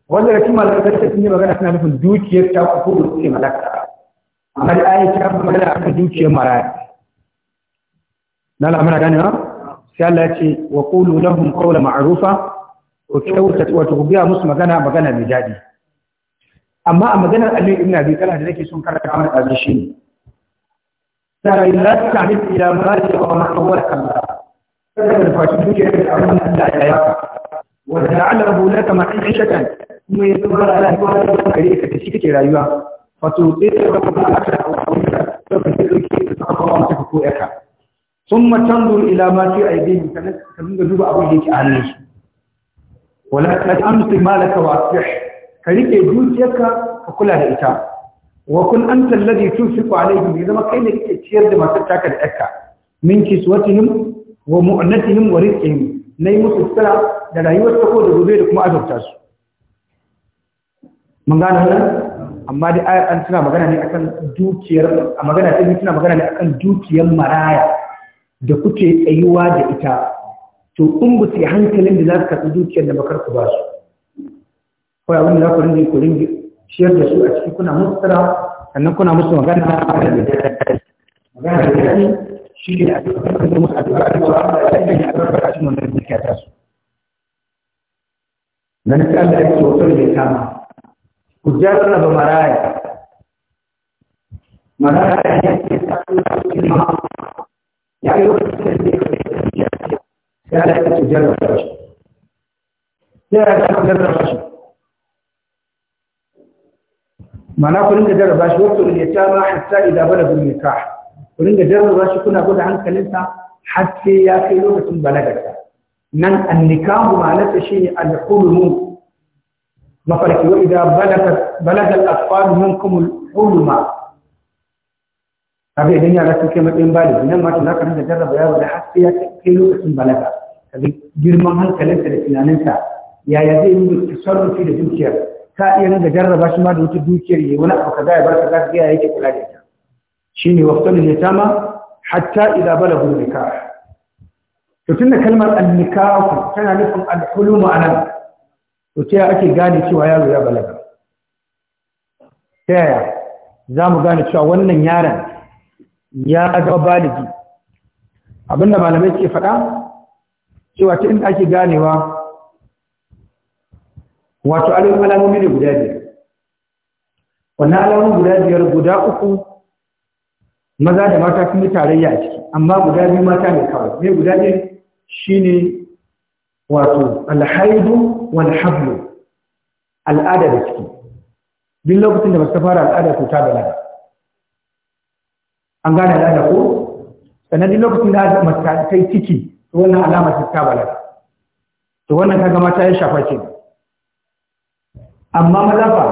wanda ya cimma da ta yi magana suna nufin dukiyar ta kuku da suke malaka amma da ayyuka magana a dukiyar maraya na lamuna gani na sai Allah ya ce wa qulu lahum qawla ma'rufa wa kyautata wa tubiya musu magana magana mai daɗi amma a maganar Ali ibn Abi Talib da nake son karanta mana abin shi ne tara ta'rif ila marati wa ma kalla kada da fashi duke da abin Allah ya yi wa ta'alahu laka ma'ishatan kuma ya zubar ala hawala da kare ka tashi kake rayuwa wato sai ka ba ka ta ko ka ko ka ثم تنظر إلى ما في أيديهم كمن ذنوب أبوه كأنه ولا تأمسك مالك وأصبح كريك يجوزيك فكل هذا إتاب وكن أنت الذي تنفق عليهم إذا ما كان تشير ما تتاك الأكا من كسوتهم ومؤنتهم ورزقهم نيمس السلع للا يوسكوا لغبيرك ما أجب تاسو من قال nan, amma dai ayar an suna magana ne kan dukiyar magana ta suna magana ne a kan dukiyar maraya da kuke tsayuwa da ita to in ba hankalin da za su karɓi dukiyar da makar ku ba su kawai abin da za ku rinji ku rinji ciyar da su a ciki kuna musu sannan kuna musu magana magana da ya yi shi ne a cikin kasar musu a duba a duba a cikin albarka a cikin wannan dukiya ta su na nufi Allah ya ce wata da kama ku ja suna ba maraya maraya ya ce da kuma cikin ma ya yi lokacin da ya kai ya ce ya da ya ce jarraba shi ya da ya jarraba shi mana ku ringa jarraba shi wato ya ta ma hatta idan bala nikah ku ringa jarraba shi kuna gudu hankalinsa har sai ya kai lokacin balagarsa nan annikahu ma'anarsa shine al-hulum mafarki wa idan balagal balagal atfal minkum al-huluma kaga idan yara sun kai matsayin bali. nan mata za ka rinka jarraba yaro da haske ya kai lokacin balaga kaga girman hankalinsa da tunaninsa yaya zai yi tasarrufi da dukiyar ka iya rinka jarraba shi ma da wata dukiyar yayi wani abu kaza ya bar kaza ga yaya yake kula da ita shine waqtul yatama hatta idza balagha nikah to tunda kalmar an-nikah tana nufin al-hulum anan to ta ake gane cewa yaro ya balaga ta yaya za mu gane cewa wannan yaron ya ga baligi abinda malamai ke faɗa cewa ta inda ake ganewa wato alamun alamomi ne guda biyar wannan alamun guda biyar guda uku maza da mata sun yi tarayya a ciki amma guda biyu mata ne kawai ne guda biyar shine wato alhaidu wal hablu al'ada da ciki duk lokacin da ba ta fara al'ada ko ta balaga an gane da ko sannan duk lokacin da mace ta yi ciki to wannan alama ta tabala to wannan kaga mata ya shafa ce amma malafa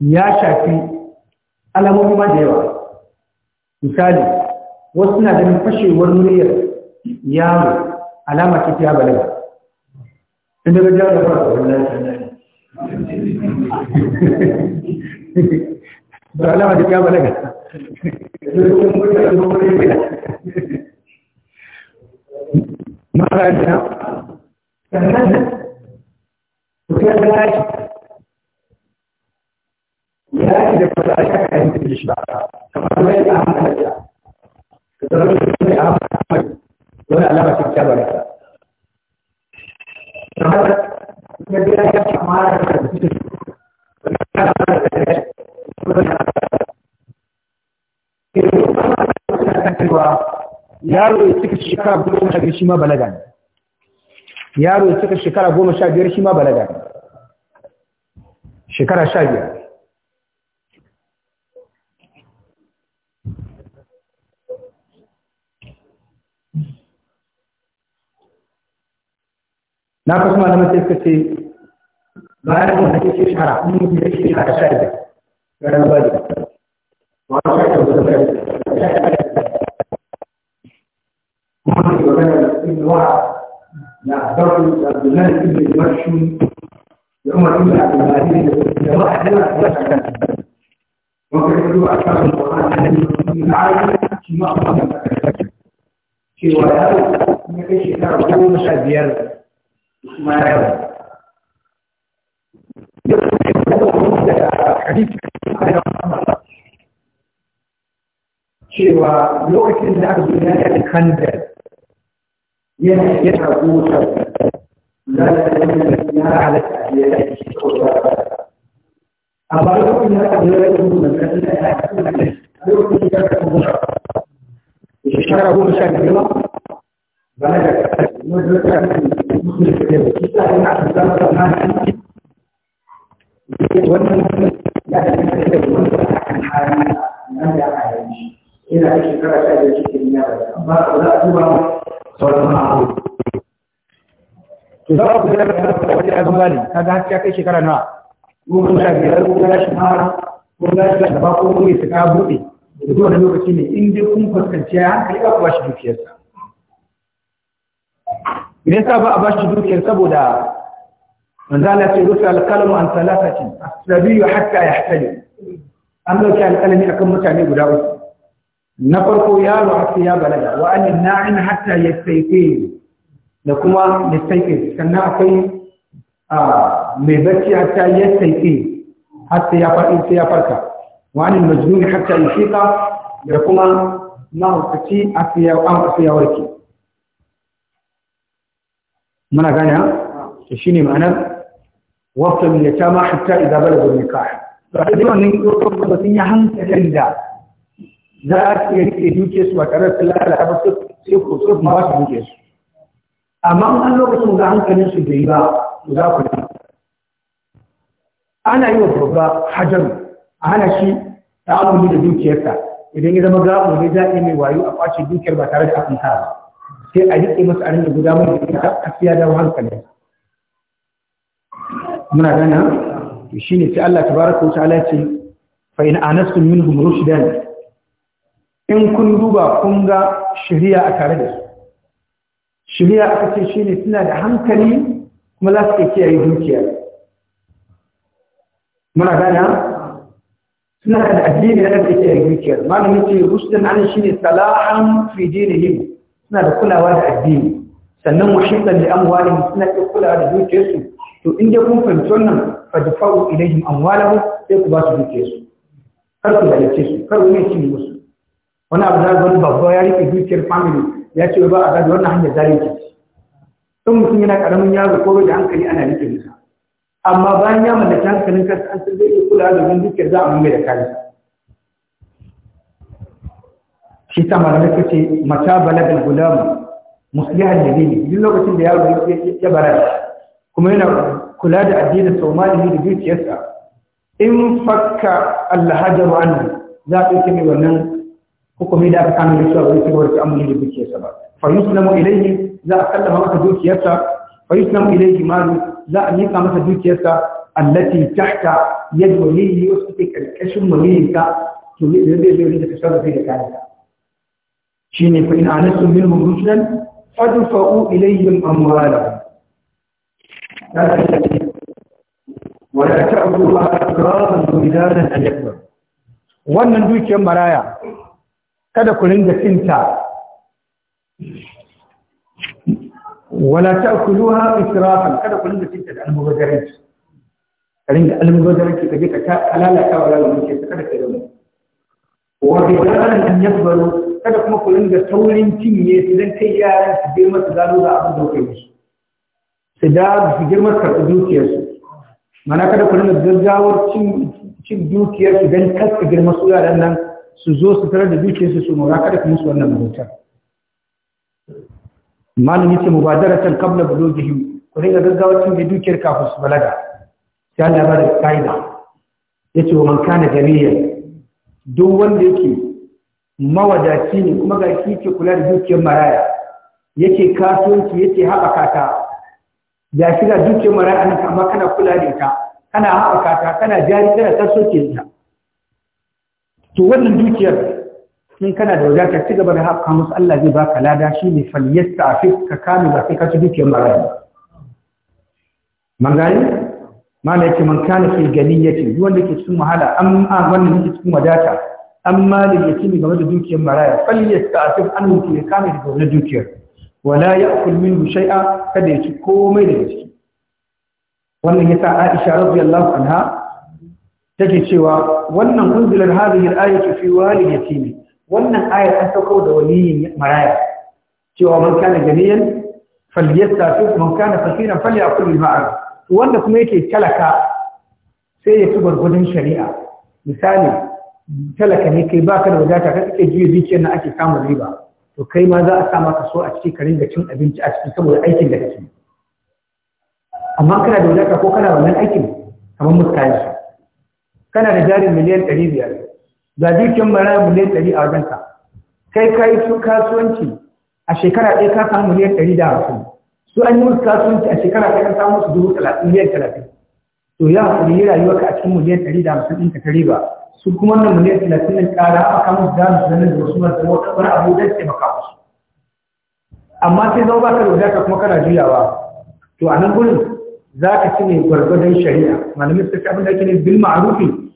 ya shafi alamomi ma da yawa misali wasu na ganin fashewar muryar yaro alama ce ta balaga in daga jawo da fara wannan da alama ce ta balaga Maharaja, sannan da cewa yaro ya cika shekara goma sha biyar shi ma balaga ne yaro ya cika shekara goma sha biyar shi ma balaga ne shekara sha biyar na kasu malaman sai suka ce bayan da ake shekara in mutum ya shekara sha biyar ga ba da الله بن المرشم لعمر بن عبد العزيز لواحد لا يتذكر وكان يقول أشعار القرآن أن العالم ما أصاب شيء ولا شيء تربو مش أبيض ما يرى cewa lokacin da aka gudanar da kandar yana yana gusa لا تنسى على الأبيات أبرزوا من الأبيات من الذين أعلموا أيضا كانت مضرة وشربوا مشاكل بلدك مدرسة مخلص كده تستعلم عشان تعرف ما وأنا لا تنسى وأنا عن حالنا ما يعيش إلى أي شكرا سأجد في النار أما لا تبقى to za ku ga da wani azan bani kaga har kai shekara nawa mun ga biyar ko ga shi fara ko ga shi da ba ko mun yi saka bude da zuwa lokaci ne in dai kun fuskanci ya kai ba ku ba shi dukiyarsa me sa ba a ba shi dukiyar saboda manzo Allah ce rusul al-qalamu an thalathati as-sabiyu hatta yahtalim an dauki alƙalami akan mutane guda uku na farko yaro har sai ya balaga wa an na'in hatta yastayqi da kuma mistake sannan akwai mai bacci yi ya har sai ya faɗi sai ya farka wani majnuni ta ya shika da kuma mahaukaci a ya warke muna gane ha shi ne ma'anar waftan ya ta ma hatta idan balagun nikah da wani kirkon ba sun yi hankalin da za a iya rike duke su ba tare da lalata ba sai ko su ba su duke su amma an lokacin da hankalin su bai ba za ku ne ana yi wa babba hajar a hana shi ta ta'amuli da dukiyarsa idan ya zama gaɓo ne zaɓi mai wayo a kwace dukiyar ba tare da hakan ta sai a riƙe masa a rinda guda mai da a siya dawo hankali muna gana shi ne sai Allah tabaraka a nasu ce fa in anastum minhum rushdan in kun duba kun ga shari'a a tare da su shirya aka ce shi ne suna da hankali kuma za su iya kiyaye dukiya muna gana suna da addini da aka kiyaye dukiya malamin ce rusdan an shi ne salahan fi dinihim suna da kulawa da addini sannan mushiddan da amwalin suna da kulawa da dukiyarsu to in dai kun fahimci wannan fa dafa'u ilaihim amwalahum sai ku ba su dukiyarsu kar ku zalunce su kar ku ne ci musu wani abu da wani babba ya rike dukiyar family ya ce ba a gado wannan hanyar zalunci sun mutum yana karamin yaro ko bai da hankali ana rike musa amma bayan ya mallaki hankalin kansa an san zai iya kula da wani za a mai da kare. shi ta malamai ka ce mata balagal gulamu musliha ne ne duk lokacin da yaro ya bara kuma yana kula da addinin ne da dukiyarsa in fakka allahajaru annu za a ɗauke mai wannan hukumi da aka kama da cewa bai cigaba da ta'amuli da dukiyarsa ba fa yuslamu ilayhi za a sallama masa dukiyarsa fa yuslamu ilayhi malu za a miƙa masa dukiyarsa allati tahta yad waliyyi wasu ke karkashin waliyinka to ne da zai zai da tasarrufi da kayanka shine fa in anastum minhum rushdan fadfa'u ilayhim amwalahum ولا تأكلوا أسرارا وبدارا أن يكبر وأن ندوك يا مرايا kada ku ringa cinta wala ta'kuluha israfan kada ku ringa cinta da almubazzaranci ka ringa almubazzaranci ka je ka ta lalata wa lalace kada ka yi wa rijalan an yabaru kada kuma ku ringa taurin cinye su don kai yaran su je su zalo da abin da kai musu su da su girma su karɓi su, mana kada ku ringa gaggawar cin dukiyarsu don kar su girma su yaran nan su zo su tarar da dukiyarsu su mora kada ku musu wannan bautar malami ce mubadaratan kabla bulughihim ku ringa gaggawa cin da dukiyar kafin su balaga sai Allah ba da kaida yace wa man kana jamiyan duk wanda yake mawadaci ne kuma ga shi ke kula da dukiyar maraya yake kasuwanci yake haɓaka ta ya shiga dukiyar maraya nan amma kana kula da ita kana haɓaka ta kana jari kana kasuwanci ta to wannan dukiyar in kana da wadata ci gaba da haka musu Allah zai baka lada shi ne faliyasta a fi ka kame ba sai ka ci dukiyar marayu man gani mana yake man kana fi ganiyati wanda ke cikin wahala amma wannan yake cikin wadata amma da yake ne game da dukiyar maraya faliyasta a fi an mutu ya kame daga wani dukiyar wala ya'kul minhu shai'a kada ya ci komai daga ciki wannan yasa Aisha radiyallahu anha take cewa wannan unzilar hadhihi al-ayatu fi walid yatim wannan ayar an sauko da waliyin maraya cewa man kana ganiyan falyastafi man kana fakiran falyakul bil ma'ruf wanda kuma yake talaka sai ya ci gurgudun shari'a misali talaka ne kai baka da wadata ka kake jiya dukiyar na ake samun riba to kai ma za a sa maka so a cikin karin da cin abinci a cikin saboda aikin da kake amma kana da wadata ko kana wannan aikin kamar mutane kana da jari miliyan 500 ga dukkan mara miliyan 100 a wajenka kai kai su kasuwanci a shekara ɗaya ka samu miliyan 150 su an yi musu kasuwanci a shekara ɗaya ka samu musu dubu talatin miliyan talatin to ya hakuri yi ka a cikin miliyan ɗari da hamsin ɗin ka riba su kuma wannan miliyan talatin ɗin ƙara a kan musu zamu su zanen da wasu masu zama wata wani abu don ke musu amma sai zama ba ka da wadata kuma kana juyawa to a nan gudun za ka ci ne gwargwadon shari'a malamin su ta abinda ake ne bil ma'arufi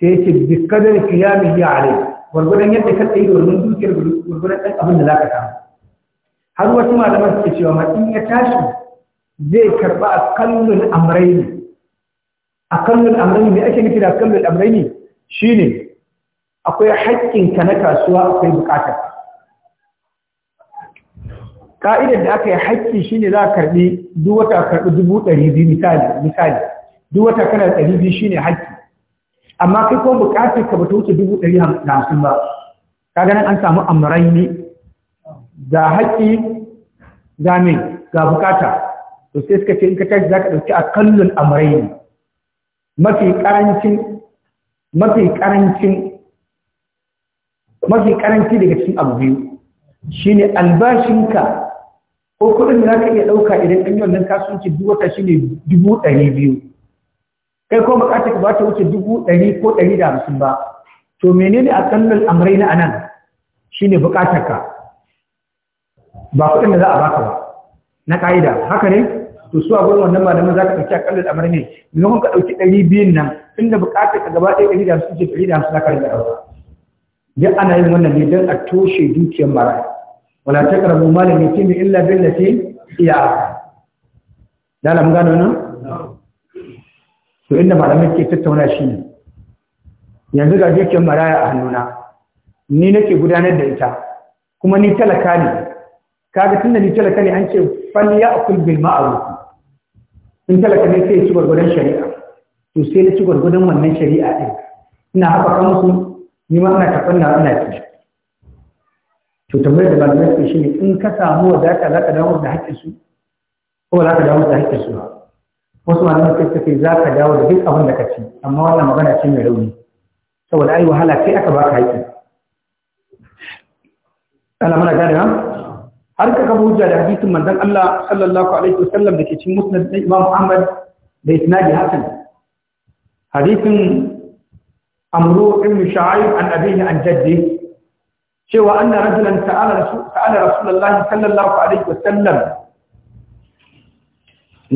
sai ce bi kadar qiyamihi alai. gwargwadon yadda ka tsaye da wannan dukiyar gwargwadon ɗan abin da za ka samu har wasu malaman suke cewa ma in ya tashi zai karɓa a kallon amraini a kallon amraini ne ake nufi da kallon amraini shine akwai haƙƙinka na kasuwa akwai buƙatar ka'idar da aka yi haƙƙi shine za a karɓi duk wata karɓi dubu ɗari biyu misali misali duk wata kana ɗari biyu shine haƙƙi amma kai kuma buƙatar ka bata wuce dubu ɗari hamsin ba ka ganin an samu amurai ne ga haƙƙi ga mai ga buƙata to sai suka ce in ka tashi za ka ɗauki a kallon amurai ne mafi ƙarancin mafi ƙarancin mafi ƙaranci daga cikin abu biyu shine albashinka ko kuɗin da ka iya ɗauka idan an yi wannan kasuwanci duk wata shi ne dubu ɗari biyu kai ko bukatar ka ba ta wuce dubu ɗari ko ɗari da hamsin ba to menene a kallon amrai na anan shi ne bukatar ka ba kuɗin da za a baka ba na ƙa'ida haka ne to su a gurin wannan malaman za ka ɗauki a kallon amrai ne maimakon ka ɗauki ɗari biyun nan inda bukatar ka gaba ɗaya ɗari da hamsin ce ɗari da hamsin za ka rage ɗauka duk ana yin wannan ne don a toshe dukiyar mara. wala taqrabu mal al-yatim illa billati hiya da lamun gano nan to inda malamai ke tattauna shi ne yanzu ga dukiyar maraya a hannuna ni nake gudanar da ita kuma ni talaka ne kaga tunda ni talaka ne an ce fal ya'kul bil ma'ruf in talaka ne sai ci gurgurdan shari'a to sai na ci gurgurdan wannan shari'a din ina haka kan musu ni ma ina tafanna ina ci to tambayar da malamai suke shine in ka samu wadata za ka dawo da haƙƙin su ko za ka dawo da haƙƙin su wasu malamai suke suke za ka dawo da duk abin da ka ci amma wannan magana ce mai rauni saboda ai wahala sai aka baka haƙƙi ana mana gane ha har ka kafa hujja da hadisin manzon Allah sallallahu alaihi wasallam da ke cikin musnad na Imam Ahmad da isnadi hasan hadisin amru ibn sha'ib an abihi an jaddi cewa an na rajulan ta'ala rasulullah sallallahu alaihi wasallam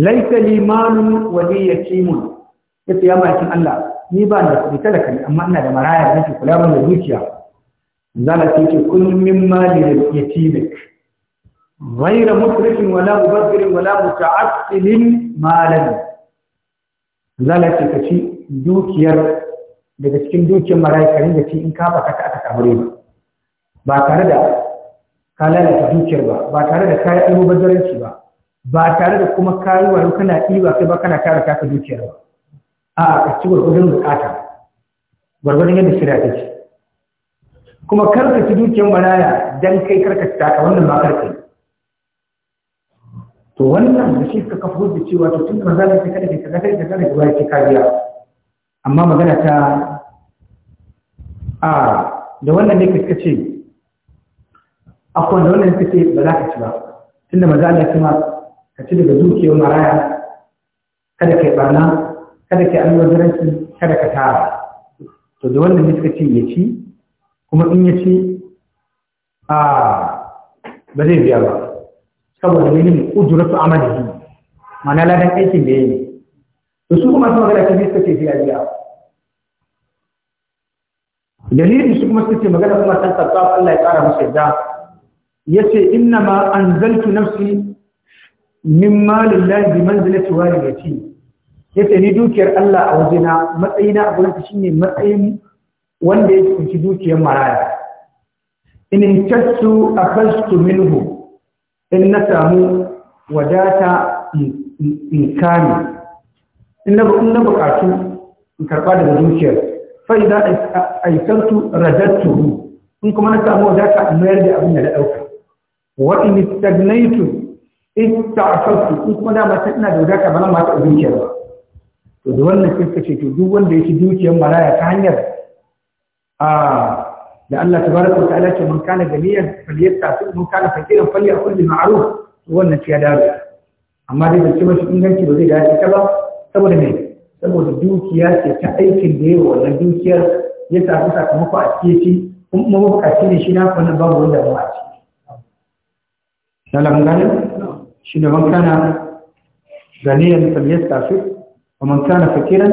laita limanun waliyya kimun ya ce ya makin Allah ni ba da kuɗi talaka ne amma ina da marayar da nake kula da zuciya zala ce ce kun ya mali yatimek ghayra musrifin wala mubaddirin wala muta'assilin malan zala ce ka ci dukiyar daga cikin dukiyar maraya ka ringa ci in ka baka ta aka samu riba ba tare da ka lalata dukiyar ba ba tare da kayi almubazzaranci ba ba tare da kuma kayi wani kana ɗiba kai ba kana kare kaka dukiyar ba a ka ci gwargwadon bukata gwargwadon yadda shirya ta ce kuma karka ci dukiyar maraya dan kai karka taka wannan ba karka to wannan da shi ka kafa da cewa to tun da maza ne kada ka kada ka kada ka bai kariya amma magana ta a da wannan ne ce. akwai wanda wannan suke ba za ka ci ba tunda maza Allah kuma ka ci daga dukiyar maraya kada ka yi barna kada ka yi alwajiranci kada ka tara to da wannan ne suka ce ya ci kuma in ya ci a ba zai biya ba saboda ne ne ujuratu amalihi ma'ana ladan aikin da ya yi to su kuma sun magana ta biyu suka ce biya biya dalilin su kuma suke magana kuma san sarfa Allah ya kara musu yadda yace inna ma anzaltu nafsi min malin lahi bi manzilati walidati yace ni dukiyar Allah a wajena matsayina a gurin shine matsayin wanda yake kunci dukiyar maraya in intattu akhadtu minhu in na samu wadata in kani in na in na bukatu in karba daga dukiyar fa idan aisantu radattu in kuma na samu wadata in mayar da abin da na dauka wa in istagnaitu ista'fatu in kuma da mata ina da wadata ba na ta dukiya ba to da wannan sai kace to duk wanda yake dukiyar maraya ta hanyar a da Allah tabaraka wa ta'ala ce man kana galiyan falyasta'fi man kana fakiran falyakul bil ma'ruf wannan ya dace amma dai da cewa shi inganci ba zai da ta ba saboda me saboda dukiya ce ta aikin da yawa wannan dukiyar ya samu sakamako a cikin kuma mabukaci ne shi na wannan babu wanda ba a lalabin gane shi ne man kana ganiyan falyastafi wa man kana fakiran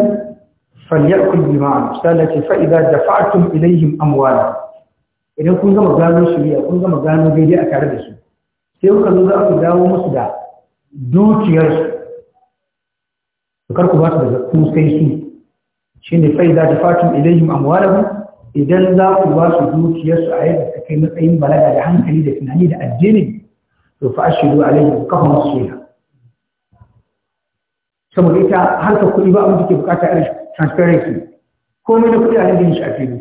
falyakul bima misalati fa idza dafa'tum ilayhim amwala idan kun gama gano shari'a kun gama gano daidai a tare da su sai kuka zo za ku dawo musu da dukiyarsu kar ku ba su da zakku sai su shine fa idza dafa'tum ilayhim amwalahum idan za ku ba su dukiyarsu a yadda ta kai matsayin balaga da hankali da tunani da addini to fa ashidu alaihim kafan shaida saboda ita harkar kuɗi ba abin da ke bukata irin transparency Ko na kuɗi a nan shi a fili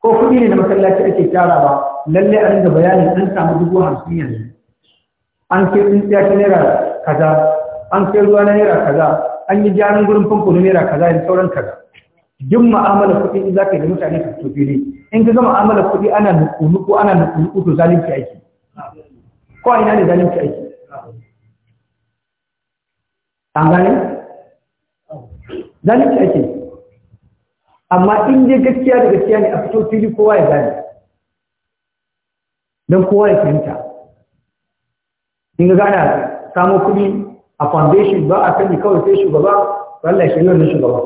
ko kuɗi ne na masallaci ake tarawa lallai a ringa bayanin an samu dubu hamsin yanzu an kai ya ta naira kaza an kai ruwa na naira kaza an yi jarin gurin famfo na naira kaza da sauran kaza duk ma'amalar kuɗi in za ka yi da mutane ka fito fili in ka ga ma'amalar kuɗi ana nuku-nuku ana nuku-nuku to zalunci ake Kawai ina ne zalunci aiki an gane zalunci aiki amma in dai gaskiya da gaskiya ne a fito fili kowa ya gane don kowa ya fahimta in ga gana samun kuɗi a foundation ba a sani kawai sai shugaba wallahi shi nan ne shugaba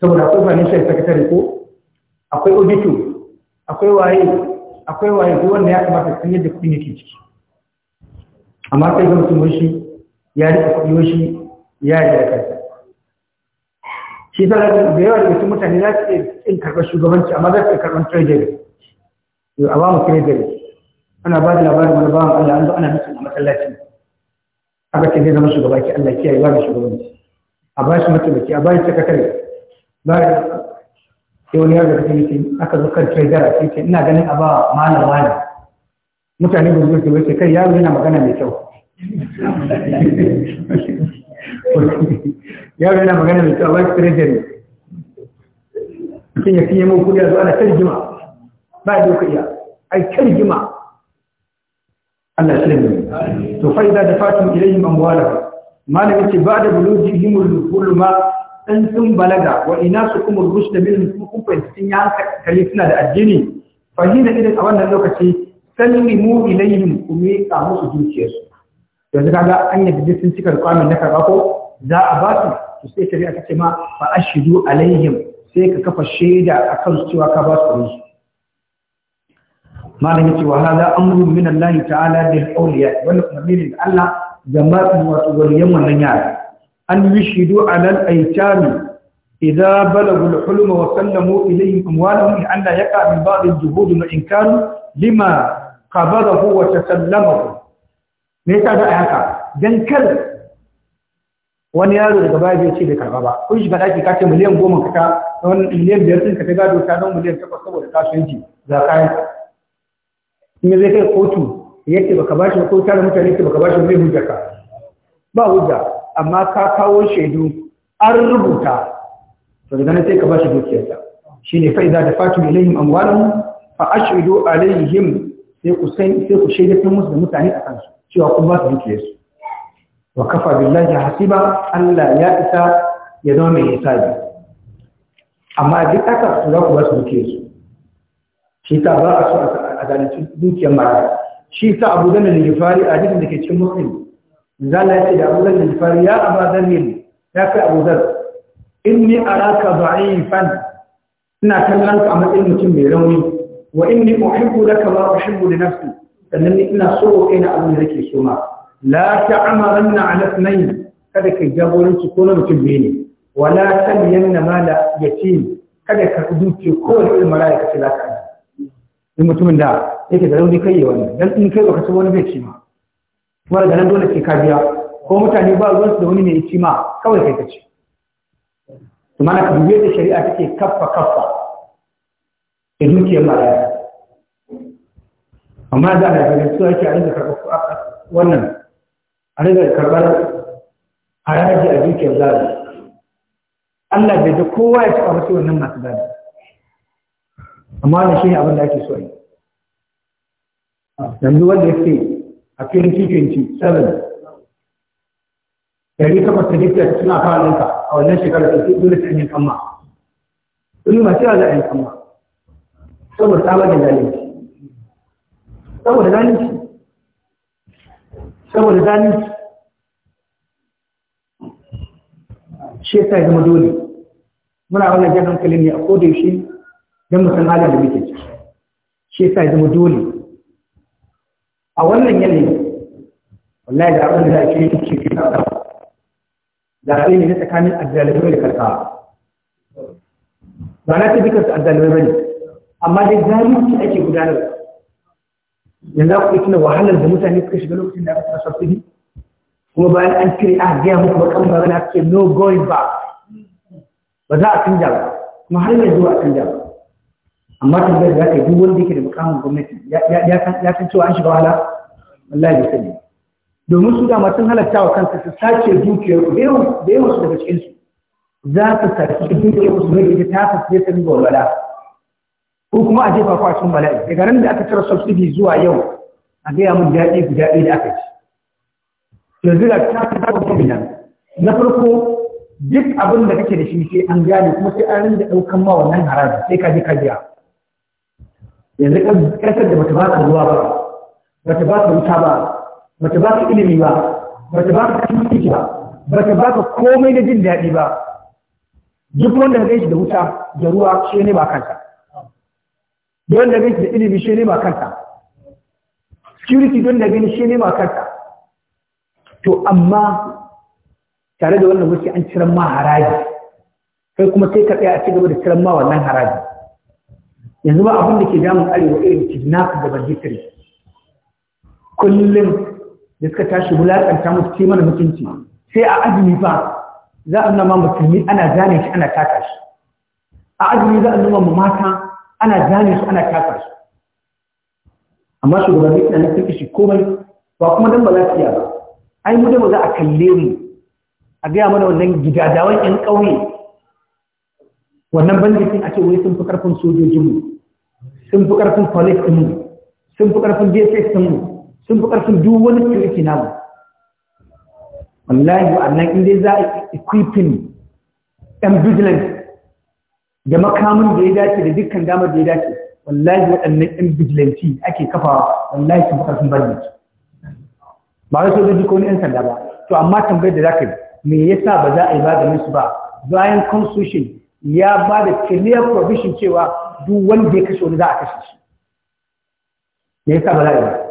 saboda akwai financial secretary ko akwai auditor akwai waye akwai waye ko wanda ya kamata san yadda kuɗin yake ciki amma kai ga sun wushi ya rika kuɗi wushi ya yi da kai shi ta da yawa da mutum mutane za su iya in karɓar shugabanci amma za su iya karɓar treasury yau a ba mu treasury ana ba da labarin wani bawan Allah an zo ana mutum a masallaci a ce zai zama shugaba ki Allah kiyaye ba da shugabanci a ba shi mataimaki a ba shi sakatare ba sai wani yarda da yake aka zo kan tredara sai ce ina ganin ba malama ne mutane ba zuwa ke kai yaro yana magana mai kyau yaro yana magana mai kyau a wani tredari mutum ya fiye mun kudi a zuwa da tarjima ba a yau iya ai tarjima Allah shirin ne to fa idza dafatum ilayhim amwalahum malaka ce ba da himul al ma. in sun balaga wa ina su kuma rushda min su kuma sun ya kare suna da addini fahina irin a wannan lokaci sallimu ilayhim ku miƙa musu to yanzu kaga an da sun cika rukwamin na karɓa ko za a ba su su sai shari'a ta ce ma fa ashidu alaihim sai ka kafa shaida a kan su cewa ka ba su kuɗi malam yace wa hada amru min Allah ta'ala bil awliya wannan kuma ne da Allah ga ma wato wannan yara an yushidu alal aitami إذا بلغوا الحلم وسلموا إليهم أموالهم لأن يقع من بعض الجهود وإن كانوا لما قبضه وتسلمه me yasa za a haka don kar wani yaro daga baya zai ce bai karba ba kun shiga daki ka ce miliyan goma ka ta miliyan biyar sun ka ta gado ta don miliyan takwas saboda kasuwanci za kayan in zai kai kotu yake baka bashi ko tare mutane yake baka bashi mai hujja ka ba hujja amma ka kawo shaidu an rubuta to daga nan sai ka ba shi dukiyarsa shine fa idza dafatu ilayhim amwalahum fa a alayhim sai ku sai ku shaida musu da mutane a kansu cewa kun ba su dukiyarsu wa kafa billahi hasiba Allah ya isa ya zama mai hisabi amma duk aka su za ku ba su dukiyarsu shi ta ba a so a zalunci dukiyar mara shi ta abu da na fari a jikin da ke cikin muslim zala ya ce da abu zan jifari ya abu zan ya kai abu zan inni araka fan. ina kallon ka a matsayin mutum mai rauni wa inni da laka ma uhibbu li nafsi sannan ni ina so wa kaina abin da nake so ma la na alas nai. kada ka jagoranci ko na mutum biyu ne wala tamiyanna mala yatim kada ka duke kowane irin ya ce za ka yi mutumin da yake da rauni kai ya wani dan in kai baka ci wani bai ci ma kuma daga nan dole ke kajiya, ko mutane ba ruwan su da wani mai kima kawai kai ka ci to mana ka da shari'a take kaffa kaffa da dukiyar malaya amma za a daga su ake a rinka karɓar wannan a karɓar haraji a dukiyar zaɓi Allah bai da kowa ya taɓa masu wannan masu zaɓi amma wannan shi ne abin da ake so a yi yanzu wanda ya ce a 2027 dari kafa sadifiyar suna fara a wannan shekarar da su dole ta yin kama sun ba cewa za a yin kama saboda ta da zalunci saboda zalunci saboda zalunci shi ta zama dole muna wannan jan hankali ne a kodayaushe don halin da muke ciki shi yasa zama dole a wannan yanayi wallahi da abin da ake yi ke fi da zaɓe ne na tsakanin azzalibai da karkawa ba na ta dukkan su azzalibai ba ne amma dai zalunci ake gudanar yanzu za ku yi tuna wahalar da mutane suka shiga lokacin da aka fara subsidy kuma bayan an cire a gaya muku bakan ba na ce no going back ba za a canja ba kuma har yanzu a canja ba amma tambayar da zaka duk wanda yake da mukamin gwamnati ya san cewa an shiga wahala wallahi bai sani domin su dama sun halatta wa kansu su sace dukiyar ku da yawan su daga cikin su za su sace dukiyar ku su rage ta ta sai ta ringa walwala ko kuma a jefa ku a cikin bala'i daga ran da aka cire subsidy zuwa yau a gaya mun daɗi guda ɗaya da aka ci yanzu da ta ta ta nan na farko duk abin da kake da shi sai an gane kuma sai an rinda ɗaukan ma wannan haraji sai ka je ka biya yanzu ƙasar da matabata ba ka ruwa ba matabata ba ka wuta ba matabata ba ka ilimi ba matabata ba ka ba matabata ba ka komai na jin daɗi ba duk wanda ga shi da wuta da ruwa shi ne ba kanta, duk wanda ga shi da ilimi shi ne ba kanta, security don da gani shi ne ba kanta to amma tare da wannan wuce an ciran ma haraji kai kuma sai ka tsaya a cigaba da ciran ma wannan haraji yanzu ba abin da ke damun arewa irin kidnap da banditry kullum da suka tashi wulaƙanta musu ce mana mutunci sai a azumi ba, za a nama musulmi ana zane shi ana taka shi a azumi za a nama mata ana zane shi ana taka shi amma shugabanni suna na kirki komai ba kuma don ba za ba ai mu da ba za a kalle mu a gaya mana wannan gidajawan 'yan ƙauye wannan bandikin ake ce wai sun fi karfin sojojinmu sun fi karfin police ɗinmu sun fi karfin dss sun fi karfin duk wani security namu wallahi annan inda za a equipping ɗan vigilance da makamun da ya dace da dukkan damar da ya dace wallahi waɗannan ɗan vigilante ake kafawa wallahi sun fi karfin bandiki ba wai sojoji ko ni 'yan sanda ba to amma tambayar da za ka yi me yasa ba za a yi maganin su ba bayan constitution ya ba da clear provision cewa duk wanda ya kashe wani za a kashe shi me yasa ba za a yi ba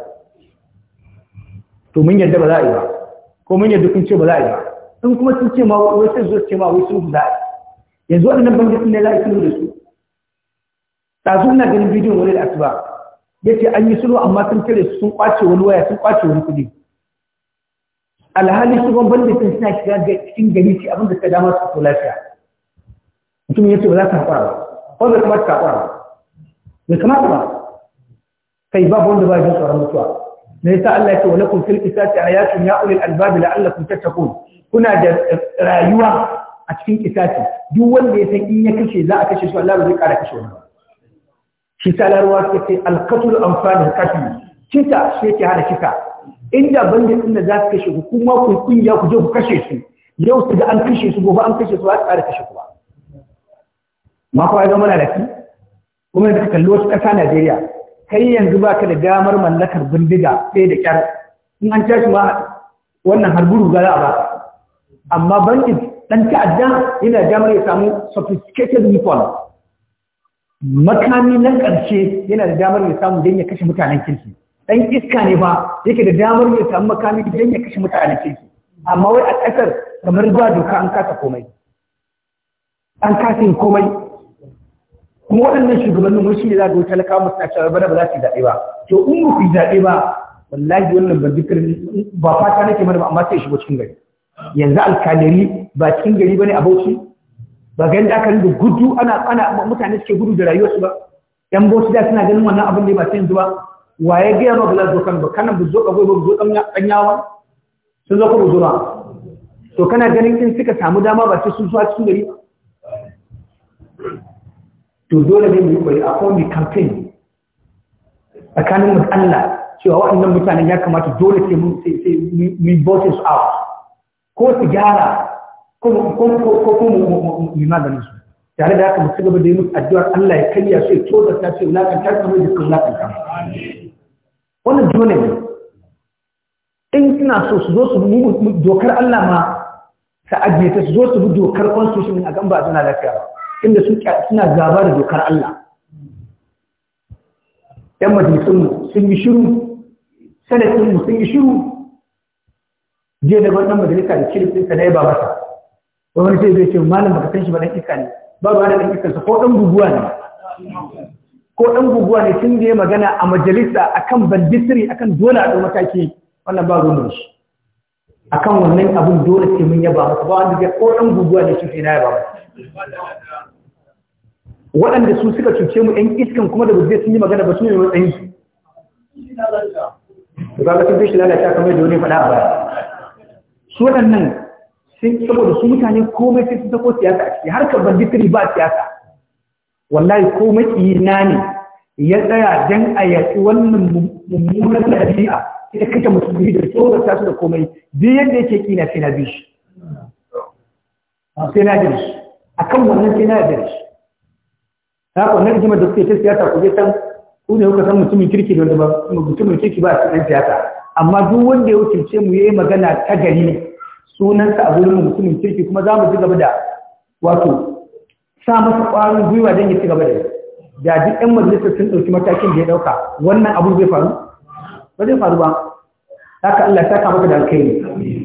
to mun yadda ba za a yi ba ko mun yadda kun ce ba za a yi ba in kuma sun ce ma wai sai zuwa ce ma wai sun za a yi yanzu waɗannan bangasin ne za a yi sulhu da su ɗazu ina ganin bidiyon wani da asuba ya ce an yi sulhu amma sun cire su sun kwace wani waya sun kwace wani kuɗi alhali su ban bangasin suna shiga cikin gari ce abin da ta dama su ko lafiya mutum ya ce ba za ta haƙura ba wanda kamata ka haƙura ba bai kamata ba kai babu wanda ba jin tsoron mutuwa me yasa Allah ya ce wa lakum fil qisasi ayatun ya ulil albab la'allakum tattaqun kuna da rayuwa a cikin qisasi duk wanda ya san in ya kashe za a kashe shi Allah ba zai ƙara kashe wani ba shi ta larwa suka ce alqatul anfal alqatul kita shi yake hana kita inda bandit din da za su kashe ku kuma ku kungiya ku je ku kashe su yau su ga an kashe su gobe an kashe su ba har ƙara kashe ku ba ma ko ai zama lalaci kuma da kallo wata ƙasa Najeriya kai yanzu baka da damar mallakar bindiga sai da kyar in an tashi ma wannan harburu ga za ba amma bankin dan ta'adda yana damar ya samu sophisticated weapon makami na ƙarshe yana da damar ya samu don ya kashe mutanen kirki dan iska ne ba yake da damar ya samu makami don ya kashe mutanen kirki amma wai a kasar kamar ba doka an kasa komai an kasa yin komai kuma waɗannan shugabannin wani shi ne za ga wuce talakawa masu na cewa bana ba za su yi zaɓe ba to in ba ku yi zaɓe ba wallahi wannan ba dukkan ba fata nake mana ba amma sai shigo cikin gari yanzu alkaleri ba cikin gari ba ne a bauchi ba ganin da aka rinda gudu ana ana mutane suke gudu da rayuwarsu ba yan bauchi da suna ganin wannan abin da ba sai yanzu ba waye gaya ma bala zo kan ba kana bu zo kagoi ba bu zo kanyawa sun zo ku bu zo ba to kana ganin in suka samu dama ba sai sun zuwa cikin gari ba to dole ne mu yi koyi akwai mai kamfen? tsakanin mu Allah cewa waɗannan mutanen ya kamata dole sai mu yi bautin su out ko su gyara ko kuma mu maganin su tare da haka mutu gaba da yi musu addu'ar Allah ya kariya su ya tsoda ta ce wulakanta kamar da suka wulakanta wannan dole ne in suna so su zo su bi dokar Allah ma ta ajiye ta su zo su bi dokar constitution a kan ba suna lafiya ba inda suna gaba da dokar Allah ‘yan majalisun sun yi shiru sanatinmu sun yi shiru je da wannan majalisa da sun na ba masa wani sai zai ce malam baka san shi ba na iska ne ba ba da dan ikansa ko ɗan guguwa ne ko ɗan guguwa ne sun je magana a majalisa a kan banditiri kan dole a mataki wannan ba ruwan shi a kan wannan abun dole sai mun yaba masa ba wanda zai ko ɗan guguwa ne shi sai na yaba masa waɗanda su suka cuce mu 'yan iskan kuma da buzai sun yi magana ba su ne matsayin su ba ga sun shi lalata kamar da wani faɗa a baya su waɗannan sun saboda su mutane komai sai sun tako siyasa a ciki harkar banditiri ba siyasa wallahi komai na ne ya tsaya don a yaƙi wannan mummunan ɗabi'a ita kake musulmi da tsoron su da komai biyu yadda yake kina sai na bi sai na akan wannan sai na bi haka wannan rigimar da suke ta siyasa ku je san ku ne kuka san mutumin kirki da wanda ba mutumin kirki ba a cikin siyasa amma duk wanda ya wakilce mu yayi magana ta gari sunansa a gurin mutumin kirki kuma za mu ci gaba da wato sa masa ƙwarin gwiwa don ya ci gaba da yi da duk ɗan majalisar sun ɗauki matakin da ya ɗauka wannan abu zai faru ba zai faru ba haka Allah ya saka maka da alkhairi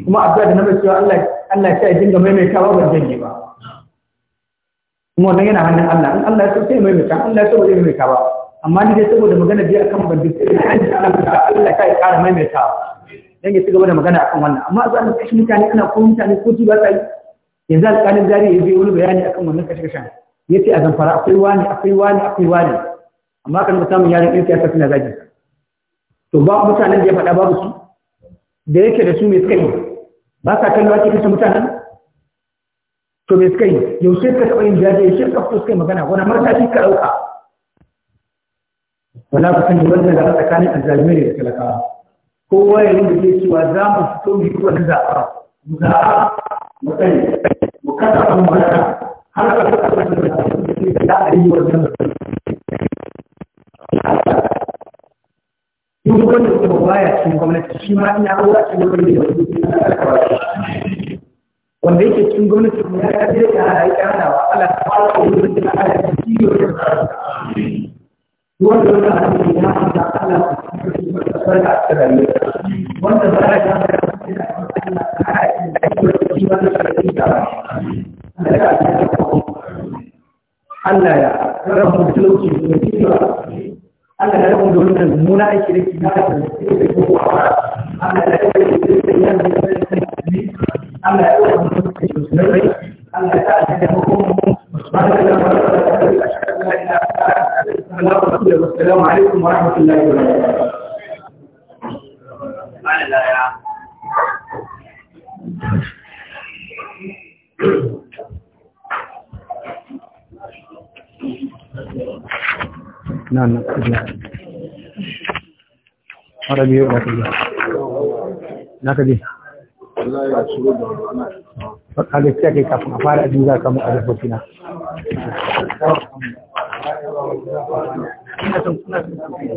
kuma addu'a da na mai cewa Allah Allah ya sa ya dinga maimaitawa ban janye ba kuma wannan yana hannun Allah in Allah ya so sai mai mai Allah ya so zai mai ba amma ni dai saboda magana biya akan bandit Allah kai kara mai mai ta dan ya ci gaba da magana akan wannan amma za mu kashi mutane ana ko mutane ko ji ba sai yanzu alƙalin zari ya je wani bayani akan wannan kashi kashin yace a zamfara akwai wani akwai wani akwai wani amma kan mutum yaran ɗin siyasa suna zagi to ba mutanen da ya faɗa babu su da yake da su mai tsayi ba sa kallo ake kashe mutanen to me kai yau sai ka taɓa yin jaje shi ka fito suka yi magana wani martashi ka dauka wala ku sani wannan da tsakanin alzalimai da talakawa kowa ya rinda ke cewa za mu fito mu yi da zaɓa mu zaɓa mu sani mu kasa mu magana har ka kasa wani zaɓa da a yi wannan Duk wanda ke baya cikin gwamnati shi ma ina aura cikin gwamnati da wasu wanda yake cikin gwamnati ne ya ce ya aika ana wa ala fara da da ala ciwo da wanda wanda a cikin ya da ala ciwo da sarka da rayuwa wanda ba ya ga da Allah ka aika da ciwo da ciwo da sarki da Allah ya rabu talauci da ciwo Allah ya rabu da wannan mummuna aiki da kiyaye da ciwo da Allah ya rabu da ciwo da ciwo da Allah ya kawo musulmai Allah ya kawo da hukumu musulmai da Allah assalamu alaikum wa rahmatullahi wa barakatuh No, no, no. Ahora vivo la que halitta kai kafin a fara abin za ka mu a